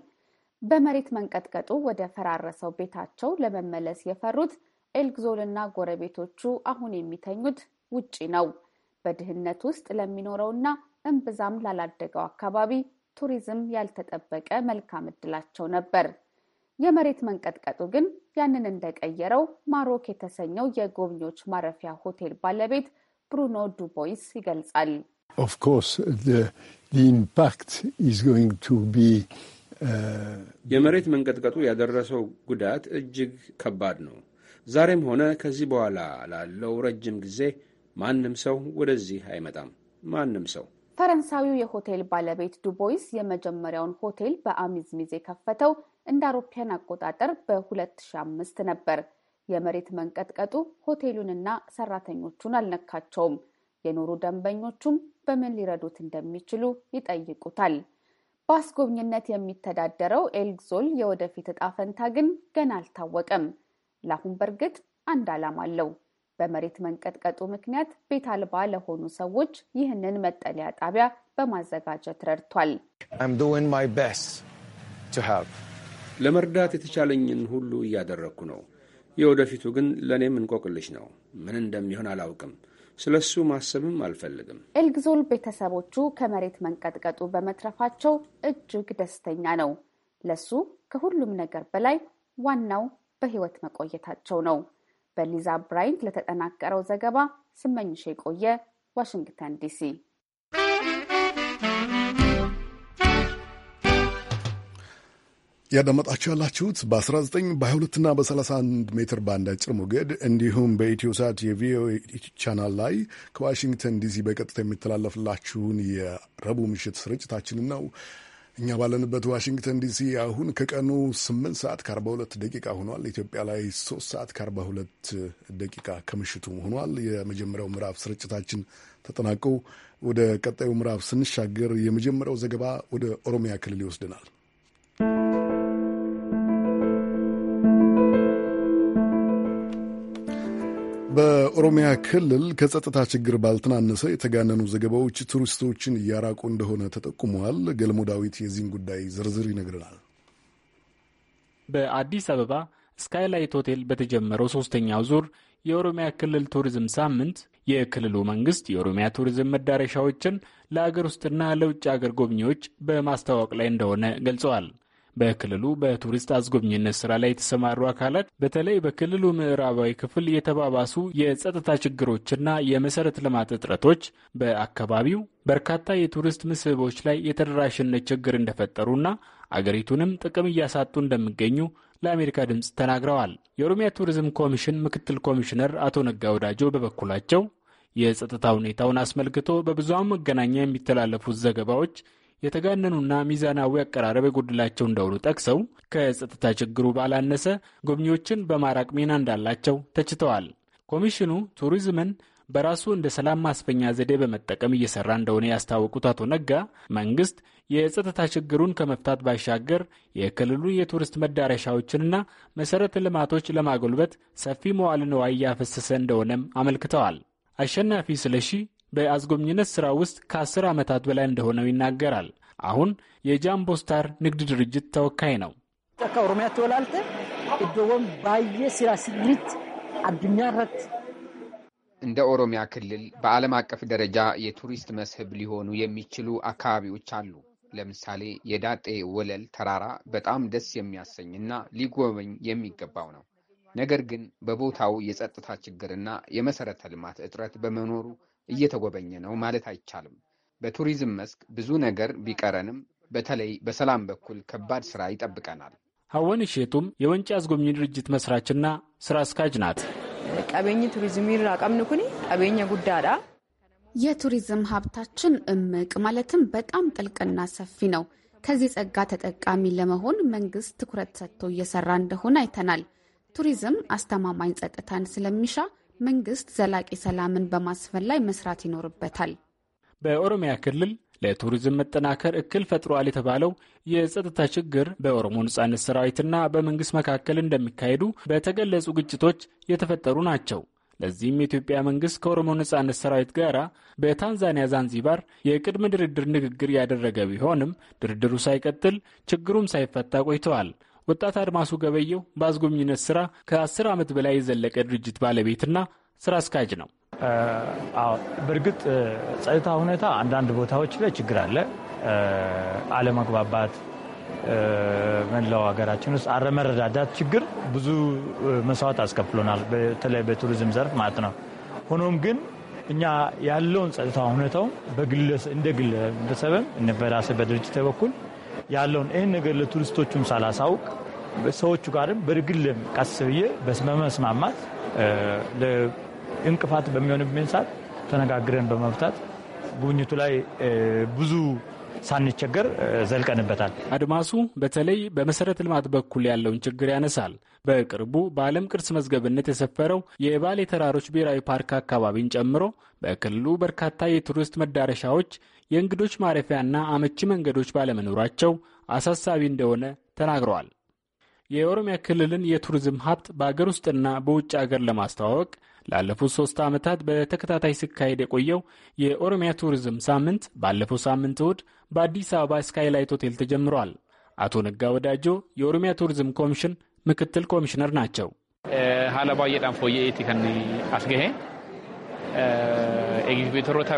በመሬት መንቀጥቀጡ ወደ ፈራረሰው ቤታቸው ለመመለስ የፈሩት ኤልግዞልና ጎረቤቶቹ አሁን የሚተኙት ውጪ ነው። በድህነት ውስጥ ለሚኖረውና እምብዛም ላላደገው አካባቢ ቱሪዝም ያልተጠበቀ መልካም እድላቸው ነበር። የመሬት መንቀጥቀጡ ግን ያንን እንደቀየረው ማሮክ የተሰኘው የጎብኚዎች ማረፊያ ሆቴል ባለቤት ብሩኖ ዱቦይስ ይገልጻል። uh, የመሬት መንቀጥቀጡ ያደረሰው ጉዳት እጅግ ከባድ ነው። ዛሬም ሆነ ከዚህ በኋላ ላለው ረጅም ጊዜ ማንም ሰው ወደዚህ አይመጣም። ማንም ሰው ፈረንሳዊው የሆቴል ባለቤት ዱቦይስ የመጀመሪያውን ሆቴል በአሚዝሚዝ የከፈተው እንደ አውሮፓውያን አቆጣጠር በ2005 ነበር። የመሬት መንቀጥቀጡ ሆቴሉንና ሰራተኞቹን አልነካቸውም። የኖሩ ደንበኞቹም በምን ሊረዱት እንደሚችሉ ይጠይቁታል። በአስጎብኝነት የሚተዳደረው ኤልግዞል የወደፊት እጣ ፈንታ ግን ገና አልታወቀም። ለአሁን በእርግጥ አንድ ዓላማ አለው። በመሬት መንቀጥቀጡ ምክንያት ቤት አልባ ለሆኑ ሰዎች ይህንን መጠለያ ጣቢያ በማዘጋጀት ረድቷል። ለመርዳት የተቻለኝን ሁሉ እያደረግኩ ነው። የወደፊቱ ግን ለእኔም እንቆቅልሽ ነው። ምን እንደሚሆን አላውቅም። ስለ እሱ ማሰብም አልፈልግም። ኤልግዞል ቤተሰቦቹ ከመሬት መንቀጥቀጡ በመትረፋቸው እጅግ ደስተኛ ነው። ለሱ ከሁሉም ነገር በላይ ዋናው በሕይወት መቆየታቸው ነው። በሊዛ ብራይንት ለተጠናቀረው ዘገባ ስመኝሽ የቆየ ዋሽንግተን ዲሲ። እያዳመጣችሁ ያላችሁት በ19 በ22ና በ31 ሜትር ባንድ አጭር ሞገድ እንዲሁም በኢትዮ ሳት የቪኦኤ ቻናል ላይ ከዋሽንግተን ዲሲ በቀጥታ የሚተላለፍላችሁን የረቡዕ ምሽት ስርጭታችንን ነው። እኛ ባለንበት ዋሽንግተን ዲሲ አሁን ከቀኑ 8 ሰዓት ከ42 ደቂቃ ሆኗል። ኢትዮጵያ ላይ 3 ሰዓት ከ42 ደቂቃ ከምሽቱ ሆኗል። የመጀመሪያው ምዕራፍ ስርጭታችን ተጠናቀው ወደ ቀጣዩ ምዕራፍ ስንሻገር የመጀመሪያው ዘገባ ወደ ኦሮሚያ ክልል ይወስድናል። በኦሮሚያ ክልል ከጸጥታ ችግር ባልተናነሰ የተጋነኑ ዘገባዎች ቱሪስቶችን እያራቁ እንደሆነ ተጠቁመዋል። ገልሞ ዳዊት የዚህን ጉዳይ ዝርዝር ይነግረናል። በአዲስ አበባ ስካይላይት ሆቴል በተጀመረው ሶስተኛው ዙር የኦሮሚያ ክልል ቱሪዝም ሳምንት የክልሉ መንግስት የኦሮሚያ ቱሪዝም መዳረሻዎችን ለአገር ውስጥና ለውጭ አገር ጎብኚዎች በማስተዋወቅ ላይ እንደሆነ ገልጸዋል። በክልሉ በቱሪስት አስጎብኝነት ስራ ላይ የተሰማሩ አካላት በተለይ በክልሉ ምዕራባዊ ክፍል የተባባሱ የጸጥታ ችግሮችና የመሰረት ልማት እጥረቶች በአካባቢው በርካታ የቱሪስት መስህቦች ላይ የተደራሽነት ችግር እንደፈጠሩና አገሪቱንም ጥቅም እያሳጡ እንደሚገኙ ለአሜሪካ ድምፅ ተናግረዋል። የኦሮሚያ ቱሪዝም ኮሚሽን ምክትል ኮሚሽነር አቶ ነጋ ወዳጆ በበኩላቸው የጸጥታ ሁኔታውን አስመልክቶ በብዙሃን መገናኛ የሚተላለፉት ዘገባዎች የተጋነኑና ሚዛናዊ አቀራረብ የጎደላቸው እንደሆኑ ጠቅሰው ከጸጥታ ችግሩ ባላነሰ ጎብኚዎችን በማራቅ ሚና እንዳላቸው ተችተዋል። ኮሚሽኑ ቱሪዝምን በራሱ እንደ ሰላም ማስፈኛ ዘዴ በመጠቀም እየሰራ እንደሆነ ያስታወቁት አቶ ነጋ መንግስት የጸጥታ ችግሩን ከመፍታት ባሻገር የክልሉን የቱሪስት መዳረሻዎችንና መሠረተ ልማቶች ለማጎልበት ሰፊ መዋዕለ ንዋይ እያፈሰሰ እንደሆነም አመልክተዋል። አሸናፊ ስለሺ በአዝጎብኝነት ሥራ ውስጥ ከአስር ዓመታት በላይ እንደሆነው ይናገራል። አሁን የጃምቦ ስታር ንግድ ድርጅት ተወካይ ነው። ኦሮሚያ ተወላልተ እደወም ባየ ስራ አድኛ ረት እንደ ኦሮሚያ ክልል በዓለም አቀፍ ደረጃ የቱሪስት መስህብ ሊሆኑ የሚችሉ አካባቢዎች አሉ። ለምሳሌ የዳጤ ወለል ተራራ በጣም ደስ የሚያሰኝና ሊጎበኝ የሚገባው ነው። ነገር ግን በቦታው የጸጥታ ችግርና የመሰረተ ልማት እጥረት በመኖሩ እየተጎበኘ ነው ማለት አይቻልም። በቱሪዝም መስክ ብዙ ነገር ቢቀረንም በተለይ በሰላም በኩል ከባድ ስራ ይጠብቀናል። ሀወን ሼጡም የወንጪ አስጎብኚ ድርጅት መስራችና ስራ አስኪያጅ ናት። ቀበኝ ቱሪዝም ኩኒ ቀበኝ ጉዳዳ የቱሪዝም ሀብታችን እምቅ ማለትም በጣም ጥልቅና ሰፊ ነው። ከዚህ ጸጋ ተጠቃሚ ለመሆን መንግስት ትኩረት ሰጥቶ እየሰራ እንደሆነ አይተናል። ቱሪዝም አስተማማኝ ጸጥታን ስለሚሻ መንግስት ዘላቂ ሰላምን በማስፈን ላይ መስራት ይኖርበታል። በኦሮሚያ ክልል ለቱሪዝም መጠናከር እክል ፈጥሯል የተባለው የጸጥታ ችግር በኦሮሞ ነጻነት ሰራዊትና በመንግስት መካከል እንደሚካሄዱ በተገለጹ ግጭቶች የተፈጠሩ ናቸው። ለዚህም የኢትዮጵያ መንግስት ከኦሮሞ ነጻነት ሰራዊት ጋር በታንዛኒያ ዛንዚባር የቅድመ ድርድር ንግግር ያደረገ ቢሆንም ድርድሩ ሳይቀጥል ችግሩም ሳይፈታ ቆይተዋል። ወጣት አድማሱ ገበየው በአዝጎብኝነት ስራ ከአስር ዓመት በላይ የዘለቀ ድርጅት ባለቤትና ስራ አስኪያጅ ነው። በእርግጥ ጸጥታ ሁኔታ አንዳንድ ቦታዎች ላይ ችግር አለ። አለመግባባት መላው ሀገራችን ውስጥ አለመረዳዳት ችግር ብዙ መስዋዕት አስከፍሎናል፣ በተለይ በቱሪዝም ዘርፍ ማለት ነው። ሆኖም ግን እኛ ያለውን ጸጥታ ሁኔታው እንደ ግለሰብም በራሴ በድርጅት በኩል ያለውን ይህን ነገር ለቱሪስቶቹም ሳላሳውቅ ሰዎቹ ጋርም በግልም ቀስ ብዬ በመስማማት እንቅፋት በሚሆንብን ሰዓት ተነጋግረን በመፍታት ጉብኝቱ ላይ ብዙ ሳንቸገር ዘልቀንበታል። አድማሱ በተለይ በመሰረተ ልማት በኩል ያለውን ችግር ያነሳል። በቅርቡ በዓለም ቅርስ መዝገብነት የሰፈረው የባሌ ተራሮች ብሔራዊ ፓርክ አካባቢን ጨምሮ በክልሉ በርካታ የቱሪስት መዳረሻዎች የእንግዶች ማረፊያና አመቺ መንገዶች ባለመኖራቸው አሳሳቢ እንደሆነ ተናግረዋል። የኦሮሚያ ክልልን የቱሪዝም ሀብት በአገር ውስጥና በውጭ አገር ለማስተዋወቅ ላለፉት ሶስት ዓመታት በተከታታይ ሲካሄድ የቆየው የኦሮሚያ ቱሪዝም ሳምንት ባለፈው ሳምንት እሁድ በአዲስ አበባ ስካይላይት ሆቴል ተጀምሯል። አቶ ነጋ ወዳጆ የኦሮሚያ ቱሪዝም ኮሚሽን ምክትል ኮሚሽነር ናቸው። ሀላ ባየጣም ፎየኢቲ ከን አስገሄ ኤግዚቢተሮታ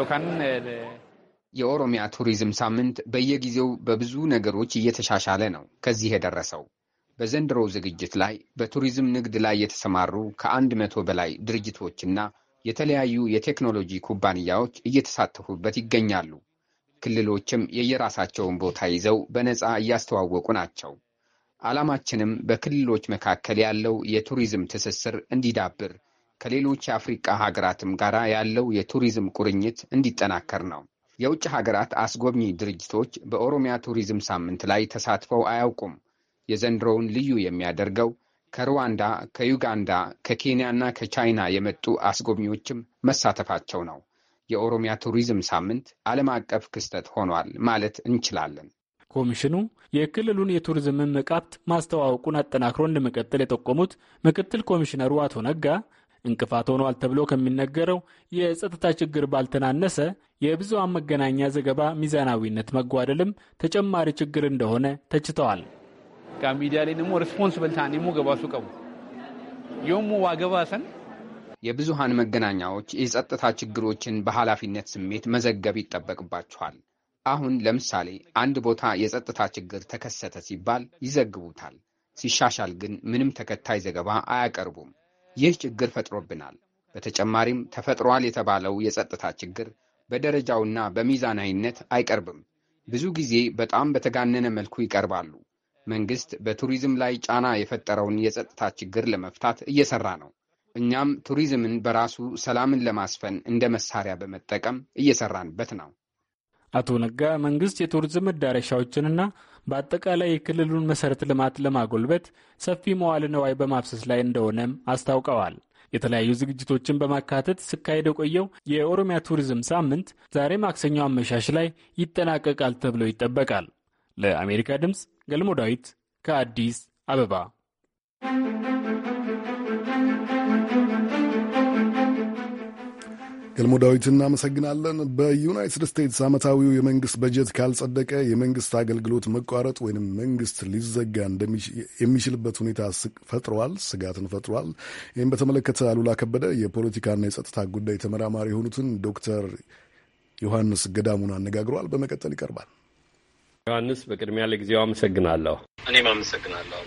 የኦሮሚያ ቱሪዝም ሳምንት በየጊዜው በብዙ ነገሮች እየተሻሻለ ነው ከዚህ የደረሰው። በዘንድሮው ዝግጅት ላይ በቱሪዝም ንግድ ላይ የተሰማሩ ከአንድ መቶ በላይ ድርጅቶችና የተለያዩ የቴክኖሎጂ ኩባንያዎች እየተሳተፉበት ይገኛሉ። ክልሎችም የየራሳቸውን ቦታ ይዘው በነፃ እያስተዋወቁ ናቸው። ዓላማችንም በክልሎች መካከል ያለው የቱሪዝም ትስስር እንዲዳብር ከሌሎች የአፍሪቃ ሀገራትም ጋር ያለው የቱሪዝም ቁርኝት እንዲጠናከር ነው። የውጭ ሀገራት አስጎብኚ ድርጅቶች በኦሮሚያ ቱሪዝም ሳምንት ላይ ተሳትፈው አያውቁም። የዘንድሮውን ልዩ የሚያደርገው ከሩዋንዳ፣ ከዩጋንዳ፣ ከኬንያ ና ከቻይና የመጡ አስጎብኚዎችም መሳተፋቸው ነው። የኦሮሚያ ቱሪዝም ሳምንት ዓለም አቀፍ ክስተት ሆኗል ማለት እንችላለን። ኮሚሽኑ የክልሉን የቱሪዝምን መቃብት ማስተዋወቁን አጠናክሮ እንደመቀጠል የጠቆሙት ምክትል ኮሚሽነሩ አቶ ነጋ እንቅፋት ሆኗል ተብሎ ከሚነገረው የጸጥታ ችግር ባልተናነሰ የብዙሃን መገናኛ ዘገባ ሚዛናዊነት መጓደልም ተጨማሪ ችግር እንደሆነ ተችተዋል። ሚዲያ ላይ ደግሞ ሪስፖንስብል ገባሱ ቀቡ የሞ ዋገባሰን የብዙሃን መገናኛዎች የጸጥታ ችግሮችን በኃላፊነት ስሜት መዘገብ ይጠበቅባቸዋል። አሁን ለምሳሌ አንድ ቦታ የጸጥታ ችግር ተከሰተ ሲባል ይዘግቡታል። ሲሻሻል ግን ምንም ተከታይ ዘገባ አያቀርቡም። ይህ ችግር ፈጥሮብናል። በተጨማሪም ተፈጥሯል የተባለው የጸጥታ ችግር በደረጃውና በሚዛናዊነት አይቀርብም። ብዙ ጊዜ በጣም በተጋነነ መልኩ ይቀርባሉ። መንግስት በቱሪዝም ላይ ጫና የፈጠረውን የጸጥታ ችግር ለመፍታት እየሰራ ነው። እኛም ቱሪዝምን በራሱ ሰላምን ለማስፈን እንደ መሳሪያ በመጠቀም እየሰራንበት ነው። አቶ ነጋ መንግስት የቱሪዝም መዳረሻዎችንና በአጠቃላይ የክልሉን መሰረተ ልማት ለማጎልበት ሰፊ መዋለ ነዋይ በማፍሰስ ላይ እንደሆነም አስታውቀዋል። የተለያዩ ዝግጅቶችን በማካተት ሲካሄድ የቆየው የኦሮሚያ ቱሪዝም ሳምንት ዛሬ ማክሰኞ አመሻሽ ላይ ይጠናቀቃል ተብሎ ይጠበቃል። ለአሜሪካ ድምፅ ገልሞ ዳዊት ከአዲስ አበባ ገልሞ ዳዊት እናመሰግናለን። በዩናይትድ ስቴትስ ዓመታዊው የመንግስት በጀት ካልጸደቀ የመንግስት አገልግሎት መቋረጥ ወይም መንግስት ሊዘጋ የሚችልበት ሁኔታ ፈጥሯል፣ ስጋትን ፈጥሯል። ይህም በተመለከተ አሉላ ከበደ የፖለቲካና የጸጥታ ጉዳይ ተመራማሪ የሆኑትን ዶክተር ዮሐንስ ገዳሙን አነጋግሯል። በመቀጠል ይቀርባል። ዮሐንስ፣ በቅድሚያ ለጊዜው አመሰግናለሁ። እኔም አመሰግናለሁ።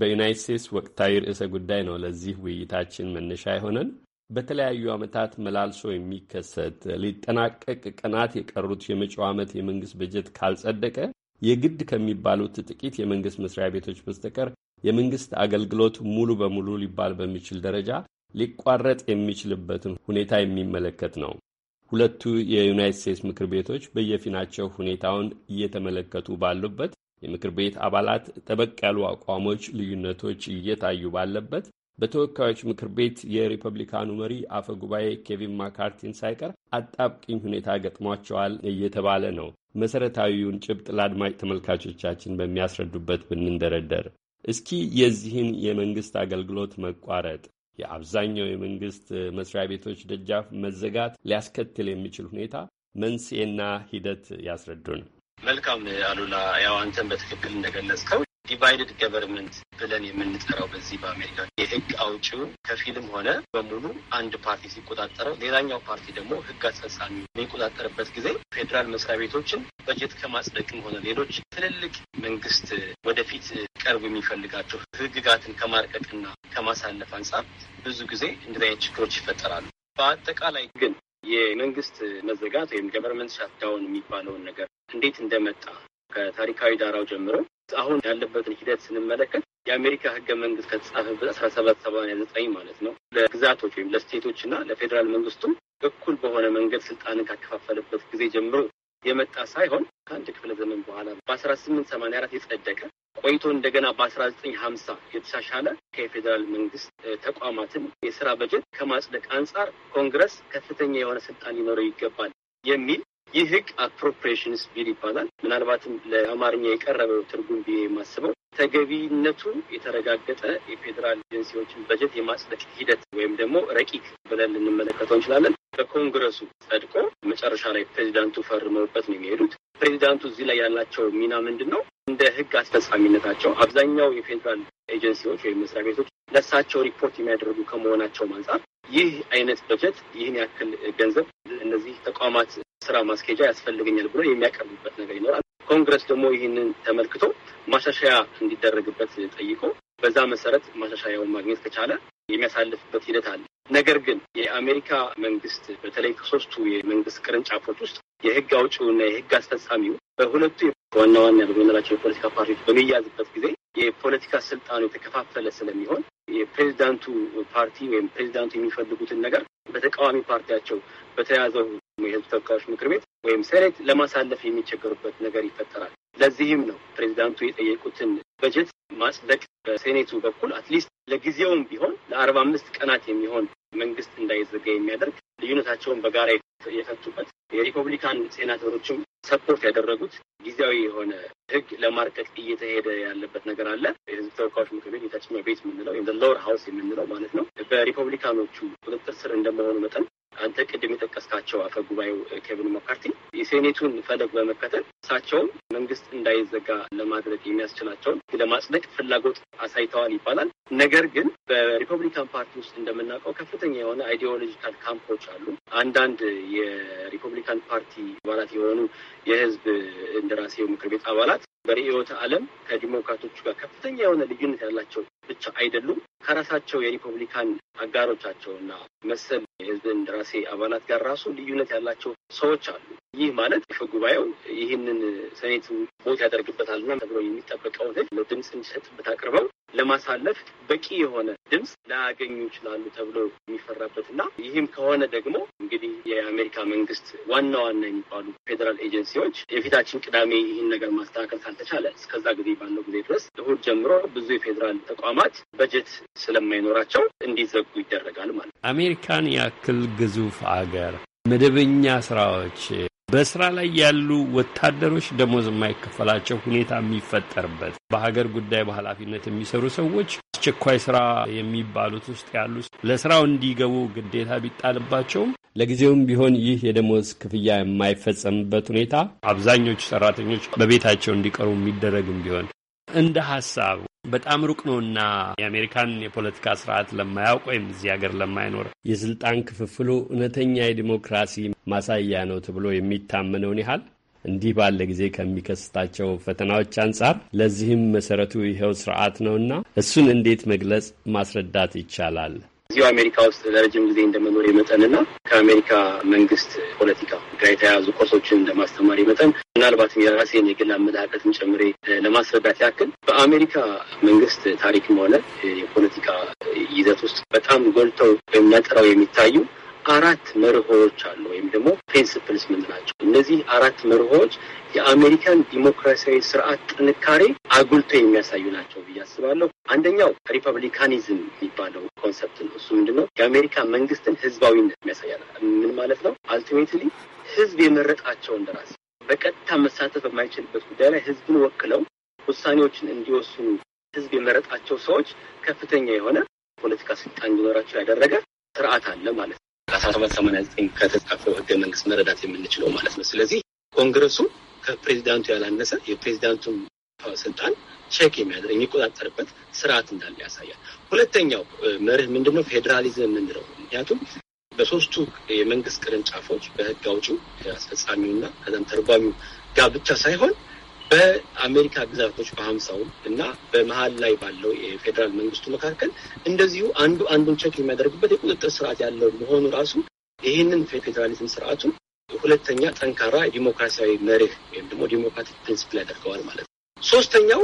በዩናይት ስቴትስ ወቅታዊ ርዕሰ ጉዳይ ነው ለዚህ ውይይታችን መነሻ የሆነን በተለያዩ ዓመታት መላልሶ የሚከሰት ሊጠናቀቅ ቀናት የቀሩት የመጪው ዓመት የመንግሥት በጀት ካልጸደቀ የግድ ከሚባሉት ጥቂት የመንግሥት መስሪያ ቤቶች በስተቀር የመንግሥት አገልግሎት ሙሉ በሙሉ ሊባል በሚችል ደረጃ ሊቋረጥ የሚችልበትን ሁኔታ የሚመለከት ነው። ሁለቱ የዩናይት ስቴትስ ምክር ቤቶች በየፊናቸው ሁኔታውን እየተመለከቱ ባሉበት፣ የምክር ቤት አባላት ጠበቅ ያሉ አቋሞች ልዩነቶች እየታዩ ባለበት በተወካዮች ምክር ቤት የሪፐብሊካኑ መሪ አፈ ጉባኤ ኬቪን ማካርቲን ሳይቀር አጣብቂኝ ሁኔታ ገጥሟቸዋል እየተባለ ነው። መሰረታዊውን ጭብጥ ለአድማጭ ተመልካቾቻችን በሚያስረዱበት ብንንደረደር እስኪ የዚህን የመንግስት አገልግሎት መቋረጥ፣ የአብዛኛው የመንግስት መስሪያ ቤቶች ደጃፍ መዘጋት ሊያስከትል የሚችል ሁኔታ መንስኤና ሂደት ያስረዱን። መልካም አሉላ፣ ያው አንተን በትክክል እንደገለጽከው ዲቫይድድ ገቨርንመንት ብለን የምንጠራው በዚህ በአሜሪካ የህግ አውጪው ከፊልም ሆነ በሙሉ አንድ ፓርቲ ሲቆጣጠረው፣ ሌላኛው ፓርቲ ደግሞ ህግ አስፈጻሚ የሚቆጣጠርበት ጊዜ ፌዴራል መስሪያ ቤቶችን በጀት ከማጽደቅም ሆነ ሌሎች ትልልቅ መንግስት ወደፊት ቀርቡ የሚፈልጋቸው ህግጋትን ከማርቀቅና ከማሳለፍ አንጻር ብዙ ጊዜ እንደዚህ አይነት ችግሮች ይፈጠራሉ። በአጠቃላይ ግን የመንግስት መዘጋት ወይም ገቨርንመንት ሻትዳውን የሚባለውን ነገር እንዴት እንደመጣ ከታሪካዊ ዳራው ጀምሮ አሁን ያለበትን ሂደት ስንመለከት የአሜሪካ ህገ መንግስት ከተጻፈበት አስራ ሰባት ሰማንያ ዘጠኝ ማለት ነው ለግዛቶች ወይም ለስቴቶች እና ለፌዴራል መንግስቱም እኩል በሆነ መንገድ ስልጣንን ካከፋፈለበት ጊዜ ጀምሮ የመጣ ሳይሆን ከአንድ ክፍለ ዘመን በኋላ በአስራ ስምንት ሰማንያ አራት የጸደቀ ቆይቶ እንደገና በአስራ ዘጠኝ ሀምሳ የተሻሻለ ከፌዴራል መንግስት ተቋማትን የስራ በጀት ከማጽደቅ አንጻር ኮንግረስ ከፍተኛ የሆነ ስልጣን ሊኖረው ይገባል የሚል ይህ ህግ አፕሮፕሪዬሽንስ ቢል ይባላል። ምናልባትም ለአማርኛ የቀረበው ትርጉም ብዬ የማስበው ተገቢነቱ የተረጋገጠ የፌዴራል ኤጀንሲዎችን በጀት የማጽደቅ ሂደት ወይም ደግሞ ረቂቅ ብለን ልንመለከተው እንችላለን። በኮንግረሱ ጸድቆ መጨረሻ ላይ ፕሬዚዳንቱ ፈርመውበት ነው የሚሄዱት። ፕሬዚዳንቱ እዚህ ላይ ያላቸው ሚና ምንድን ነው? እንደ ህግ አስፈጻሚነታቸው አብዛኛው የፌዴራል ኤጀንሲዎች ወይም መስሪያ ቤቶች ለእሳቸው ሪፖርት የሚያደርጉ ከመሆናቸው አንጻር ይህ አይነት በጀት ይህን ያክል ገንዘብ እነዚህ ተቋማት ስራ ማስኬጃ ያስፈልገኛል ብሎ የሚያቀርብበት ነገር ይኖራል። ኮንግረስ ደግሞ ይህንን ተመልክቶ ማሻሻያ እንዲደረግበት ጠይቆ በዛ መሰረት ማሻሻያውን ማግኘት ከቻለ የሚያሳልፍበት ሂደት አለ። ነገር ግን የአሜሪካ መንግስት በተለይ ከሶስቱ የመንግስት ቅርንጫፎች ውስጥ የህግ አውጪውና የህግ አስፈጻሚው በሁለቱ ዋና ዋና በምንላቸው የፖለቲካ ፓርቲዎች በሚያዝበት ጊዜ የፖለቲካ ስልጣኑ የተከፋፈለ ስለሚሆን የፕሬዚዳንቱ ፓርቲ ወይም ፕሬዚዳንቱ የሚፈልጉትን ነገር በተቃዋሚ ፓርቲያቸው በተያዘው የህዝብ ተወካዮች ምክር ቤት ወይም ሴኔት ለማሳለፍ የሚቸገሩበት ነገር ይፈጠራል። ለዚህም ነው ፕሬዚዳንቱ የጠየቁትን በጀት ማጽደቅ በሴኔቱ በኩል አትሊስት ለጊዜውም ቢሆን ለአርባ አምስት ቀናት የሚሆን መንግስት እንዳይዘጋ የሚያደርግ ልዩነታቸውን በጋራ የፈቱበት የሪፐብሊካን ሴናተሮችም ሰፖርት ያደረጉት ጊዜያዊ የሆነ ህግ ለማርቀቅ እየተሄደ ያለበት ነገር አለ። የህዝብ ተወካዮች ምክር ቤት የታችኛው ቤት የምንለው ወይም ሎወር ሀውስ የምንለው ማለት ነው። በሪፐብሊካኖቹ ቁጥጥር ስር እንደመሆኑ መጠን አንተ ቅድም የጠቀስካቸው አፈ ጉባኤው ኬቪን መካርቲ የሴኔቱን ፈለግ በመከተል እሳቸውም መንግስት እንዳይዘጋ ለማድረግ የሚያስችላቸውን ለማጽደቅ ፍላጎት አሳይተዋል ይባላል። ነገር ግን በሪፐብሊካን ፓርቲ ውስጥ እንደምናውቀው ከፍተኛ የሆነ አይዲዮሎጂካል ካምፖች አሉ። አንዳንድ የሪፐብሊካን ፓርቲ አባላት የሆኑ የህዝብ እንደራሴው ምክር ቤት አባላት በርዕዮተ ዓለም ከዲሞክራቶቹ ጋር ከፍተኛ የሆነ ልዩነት ያላቸው ብቻ አይደሉም። ከራሳቸው የሪፐብሊካን አጋሮቻቸው እና መሰል የህዝብ እንደራሴ አባላት ጋር ራሱ ልዩነት ያላቸው ሰዎች አሉ። ይህ ማለት አፈ ጉባኤው ይህንን ሰኔቱ ቦት ያደርግበታልና ተብሎ የሚጠበቀውን ህግ ለድምፅ እንዲሰጥበት አቅርበው ለማሳለፍ በቂ የሆነ ድምፅ ላያገኙ ይችላሉ ተብሎ የሚፈራበትና ይህም ከሆነ ደግሞ እንግዲህ የአሜሪካ መንግስት ዋና ዋና የሚባሉ ፌዴራል ኤጀንሲዎች የፊታችን ቅዳሜ ይህን ነገር ማስተካከል ካልተቻለ እስከዛ ጊዜ ባለው ጊዜ ድረስ እሁድ ጀምሮ ብዙ የፌዴራል ተቋማት ተቋማት በጀት ስለማይኖራቸው እንዲዘጉ ይደረጋል ማለት ነው። አሜሪካን ያክል ግዙፍ አገር መደበኛ ስራዎች በስራ ላይ ያሉ ወታደሮች ደሞዝ የማይከፈላቸው ሁኔታ የሚፈጠርበት በሀገር ጉዳይ በኃላፊነት የሚሰሩ ሰዎች አስቸኳይ ስራ የሚባሉት ውስጥ ያሉ ለስራው እንዲገቡ ግዴታ ቢጣልባቸውም ለጊዜውም ቢሆን ይህ የደሞዝ ክፍያ የማይፈጸምበት ሁኔታ አብዛኞቹ ሰራተኞች በቤታቸው እንዲቀሩ የሚደረግም ቢሆን እንደ ሀሳብ በጣም ሩቅ ነውና የአሜሪካን የፖለቲካ ስርዓት ለማያውቅ ወይም እዚህ ሀገር ለማይኖር የስልጣን ክፍፍሉ እውነተኛ የዲሞክራሲ ማሳያ ነው ተብሎ የሚታመነውን ያህል እንዲህ ባለ ጊዜ ከሚከስታቸው ፈተናዎች አንጻር ለዚህም መሰረቱ ይኸው ስርዓት ነውና እሱን እንዴት መግለጽ ማስረዳት ይቻላል? እዚሁ አሜሪካ ውስጥ ለረጅም ጊዜ እንደመኖር መጠንና ከአሜሪካ መንግስት ፖለቲካ ጋር የተያያዙ ኮርሶችን እንደማስተማሪ መጠን ምናልባትም የራሴን የግል አመለካከትን ጨምሬ ለማስረዳት ያክል በአሜሪካ መንግስት ታሪክም ሆነ የፖለቲካ ይዘት ውስጥ በጣም ጎልተው ወይም ነጥረው የሚታዩ አራት መርሆዎች አሉ ወይም ደግሞ ፕሪንስፕልስ ምንላቸው። እነዚህ አራት መርሆዎች የአሜሪካን ዲሞክራሲያዊ ስርዓት ጥንካሬ አጉልቶ የሚያሳዩ ናቸው ብዬ አስባለሁ። አንደኛው ሪፐብሊካኒዝም የሚባለው ኮንሰፕት ነው። እሱ ምንድን ነው? የአሜሪካ መንግስትን ህዝባዊነት የሚያሳያል። ምን ማለት ነው? አልቲሜትሊ ህዝብ የመረጣቸውን እንደራሴ በቀጥታ መሳተፍ በማይችልበት ጉዳይ ላይ ህዝብን ወክለው ውሳኔዎችን እንዲወስኑ ህዝብ የመረጣቸው ሰዎች ከፍተኛ የሆነ ፖለቲካ ስልጣን እንዲኖራቸው ያደረገ ስርዓት አለ ማለት ነው። ከአስራ ሰባት ሰማንያ ዘጠኝ ከተጻፈው ህገ መንግስት መረዳት የምንችለው ማለት ነው። ስለዚህ ኮንግረሱ ከፕሬዚዳንቱ ያላነሰ የፕሬዚዳንቱን ስልጣን ቼክ የሚያደርግ የሚቆጣጠርበት ስርዓት እንዳለ ያሳያል። ሁለተኛው መርህ ምንድነው? ፌዴራሊዝም የምንለው ምክንያቱም በሶስቱ የመንግስት ቅርንጫፎች በህግ አውጪው አስፈጻሚውና ከዛም ተርጓሚው ጋር ብቻ ሳይሆን በአሜሪካ ግዛቶች በሀምሳው እና በመሀል ላይ ባለው የፌዴራል መንግስቱ መካከል እንደዚሁ አንዱ አንዱን ቸክ የሚያደርግበት የቁጥጥር ስርዓት ያለው መሆኑ ራሱ ይህንን ፌዴራሊዝም ስርዓቱን ሁለተኛ ጠንካራ ዲሞክራሲያዊ መርህ ወይም ደግሞ ዲሞክራቲክ ፕሪንስፕል ያደርገዋል ማለት ነው። ሶስተኛው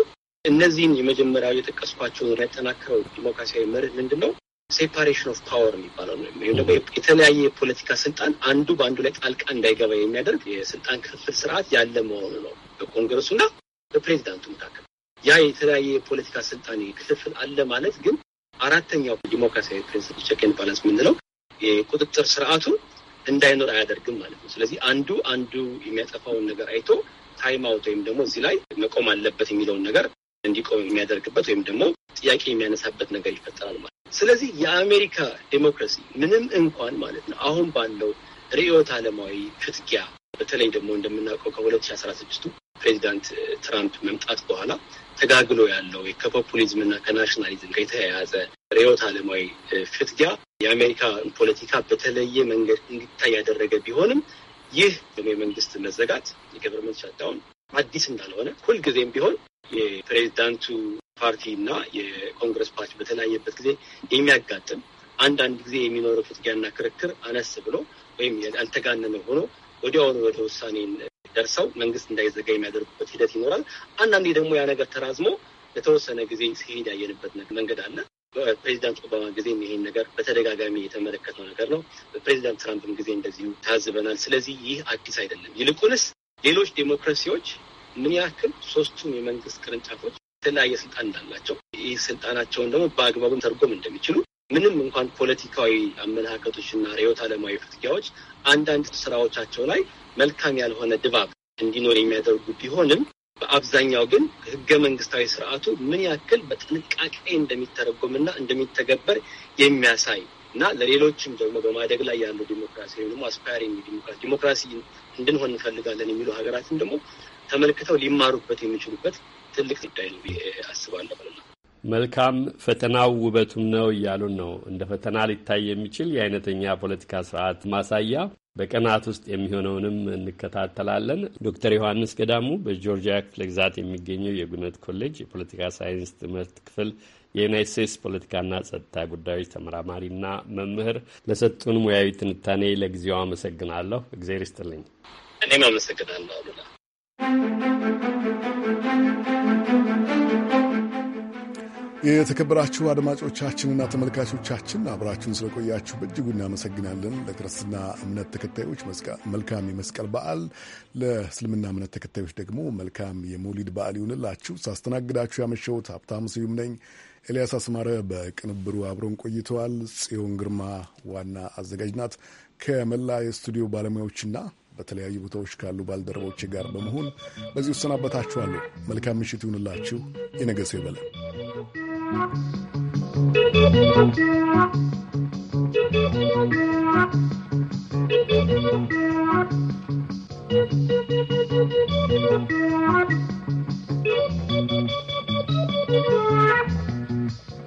እነዚህን የመጀመሪያው የጠቀስኳቸውን ያጠናክረው ዲሞክራሲያዊ መርህ ምንድን ነው? ሴፓሬሽን ኦፍ ፓወር የሚባለው ነው። ወይም ደግሞ የተለያየ የፖለቲካ ስልጣን አንዱ በአንዱ ላይ ጣልቃ እንዳይገባ የሚያደርግ የስልጣን ክፍፍል ስርዓት ያለ መሆኑ ነው በኮንግረሱና በፕሬዚዳንቱ መካከል። ያ የተለያየ የፖለቲካ ስልጣን ክፍፍል አለ ማለት ግን አራተኛው ዲሞክራሲያዊ ፕሪንስፕ ቼክን ባላንስ የምንለው የቁጥጥር ስርዓቱ እንዳይኖር አያደርግም ማለት ነው። ስለዚህ አንዱ አንዱ የሚያጠፋውን ነገር አይቶ ታይም አውት ወይም ደግሞ እዚህ ላይ መቆም አለበት የሚለውን ነገር እንዲቆም የሚያደርግበት ወይም ደግሞ ጥያቄ የሚያነሳበት ነገር ይፈጠራል ማለት ነው። ስለዚህ የአሜሪካ ዴሞክራሲ ምንም እንኳን ማለት ነው አሁን ባለው ርዕዮተ ዓለማዊ ፍትጊያ በተለይ ደግሞ እንደምናውቀው ከሁለት ሺ አስራ ስድስቱ ፕሬዚዳንት ትራምፕ መምጣት በኋላ ተጋግሎ ያለው ከፖፑሊዝምና ከናሽናሊዝም ጋር የተያያዘ ርዕዮተ ዓለማዊ ፍትጊያ የአሜሪካ ፖለቲካ በተለየ መንገድ እንዲታይ ያደረገ ቢሆንም ይህ ደግሞ የመንግስት መዘጋት የገቨርንመንት ሻዳውን አዲስ እንዳልሆነ ሁልጊዜም ቢሆን የፕሬዚዳንቱ ፓርቲ እና የኮንግረስ ፓርቲ በተለያየበት ጊዜ የሚያጋጥም አንዳንድ ጊዜ የሚኖረው ፍትጊያና ክርክር አነስ ብሎ ወይም ያልተጋነነ ሆኖ ወዲያውኑ ወደ ውሳኔ ደርሰው መንግስት እንዳይዘጋ የሚያደርጉበት ሂደት ይኖራል። አንዳንዴ ደግሞ ያ ነገር ተራዝሞ ለተወሰነ ጊዜ ሲሄድ ያየንበት መንገድ አለ። በፕሬዚዳንት ኦባማ ጊዜም ይሄን ነገር በተደጋጋሚ የተመለከተው ነገር ነው። በፕሬዚዳንት ትራምፕም ጊዜ እንደዚሁ ታዝበናል። ስለዚህ ይህ አዲስ አይደለም። ይልቁንስ ሌሎች ዴሞክራሲዎች ምን ያክል ሶስቱም የመንግስት ቅርንጫፎች የተለያየ ስልጣን እንዳላቸው ይህ ስልጣናቸውን ደግሞ በአግባቡ ተርጎም እንደሚችሉ ምንም እንኳን ፖለቲካዊ አመለካከቶችና ርዕዮተ ዓለማዊ ፍትጊያዎች አንዳንድ ስራዎቻቸው ላይ መልካም ያልሆነ ድባብ እንዲኖር የሚያደርጉ ቢሆንም በአብዛኛው ግን ህገ መንግስታዊ ስርዓቱ ምን ያክል በጥንቃቄ እንደሚተረጎምና እንደሚተገበር የሚያሳይ እና ለሌሎችም ደግሞ በማደግ ላይ ያሉ ዲሞክራሲ ወይም ደግሞ አስፓሪንግ ዲሞክራሲ ዲሞክራሲ እንድንሆን እንፈልጋለን የሚሉ ሀገራትን ደግሞ ተመልክተው ሊማሩበት የሚችሉበት ትልቅ ጉዳይ ነው አስባለሁ። መልካም ፈተናው ውበቱም ነው እያሉን ነው። እንደ ፈተና ሊታይ የሚችል የአይነተኛ ፖለቲካ ስርዓት ማሳያ በቀናት ውስጥ የሚሆነውንም እንከታተላለን። ዶክተር ዮሐንስ ገዳሙ በጆርጂያ ክፍለ ግዛት የሚገኘው የጉነት ኮሌጅ የፖለቲካ ሳይንስ ትምህርት ክፍል የዩናይት ስቴትስ ፖለቲካና ጸጥታ ጉዳዮች ተመራማሪና መምህር ለሰጡን ሙያዊ ትንታኔ ለጊዜው አመሰግናለሁ። እግዜር ይስጥልኝ። እኔም አመሰግናለሁ የተከበራችሁ አድማጮቻችንና ተመልካቾቻችን አብራችሁን ስለቆያችሁ በእጅጉ እናመሰግናለን። ለክርስትና እምነት ተከታዮች መልካም የመስቀል በዓል፣ ለእስልምና እምነት ተከታዮች ደግሞ መልካም የሞሊድ በዓል ይሁንላችሁ። ሳስተናግዳችሁ ያመሸሁት ሀብታም ስዩም ነኝ። ኤልያስ አስማረ በቅንብሩ አብረን ቆይተዋል። ጽዮን ግርማ ዋና አዘጋጅ ናት። ከመላ የስቱዲዮ ባለሙያዎችና በተለያዩ ቦታዎች ካሉ ባልደረቦች ጋር በመሆን በዚህ እሰናበታችኋለሁ። መልካም ምሽት ይሁንላችሁ። የነገ ሰው ይበለን።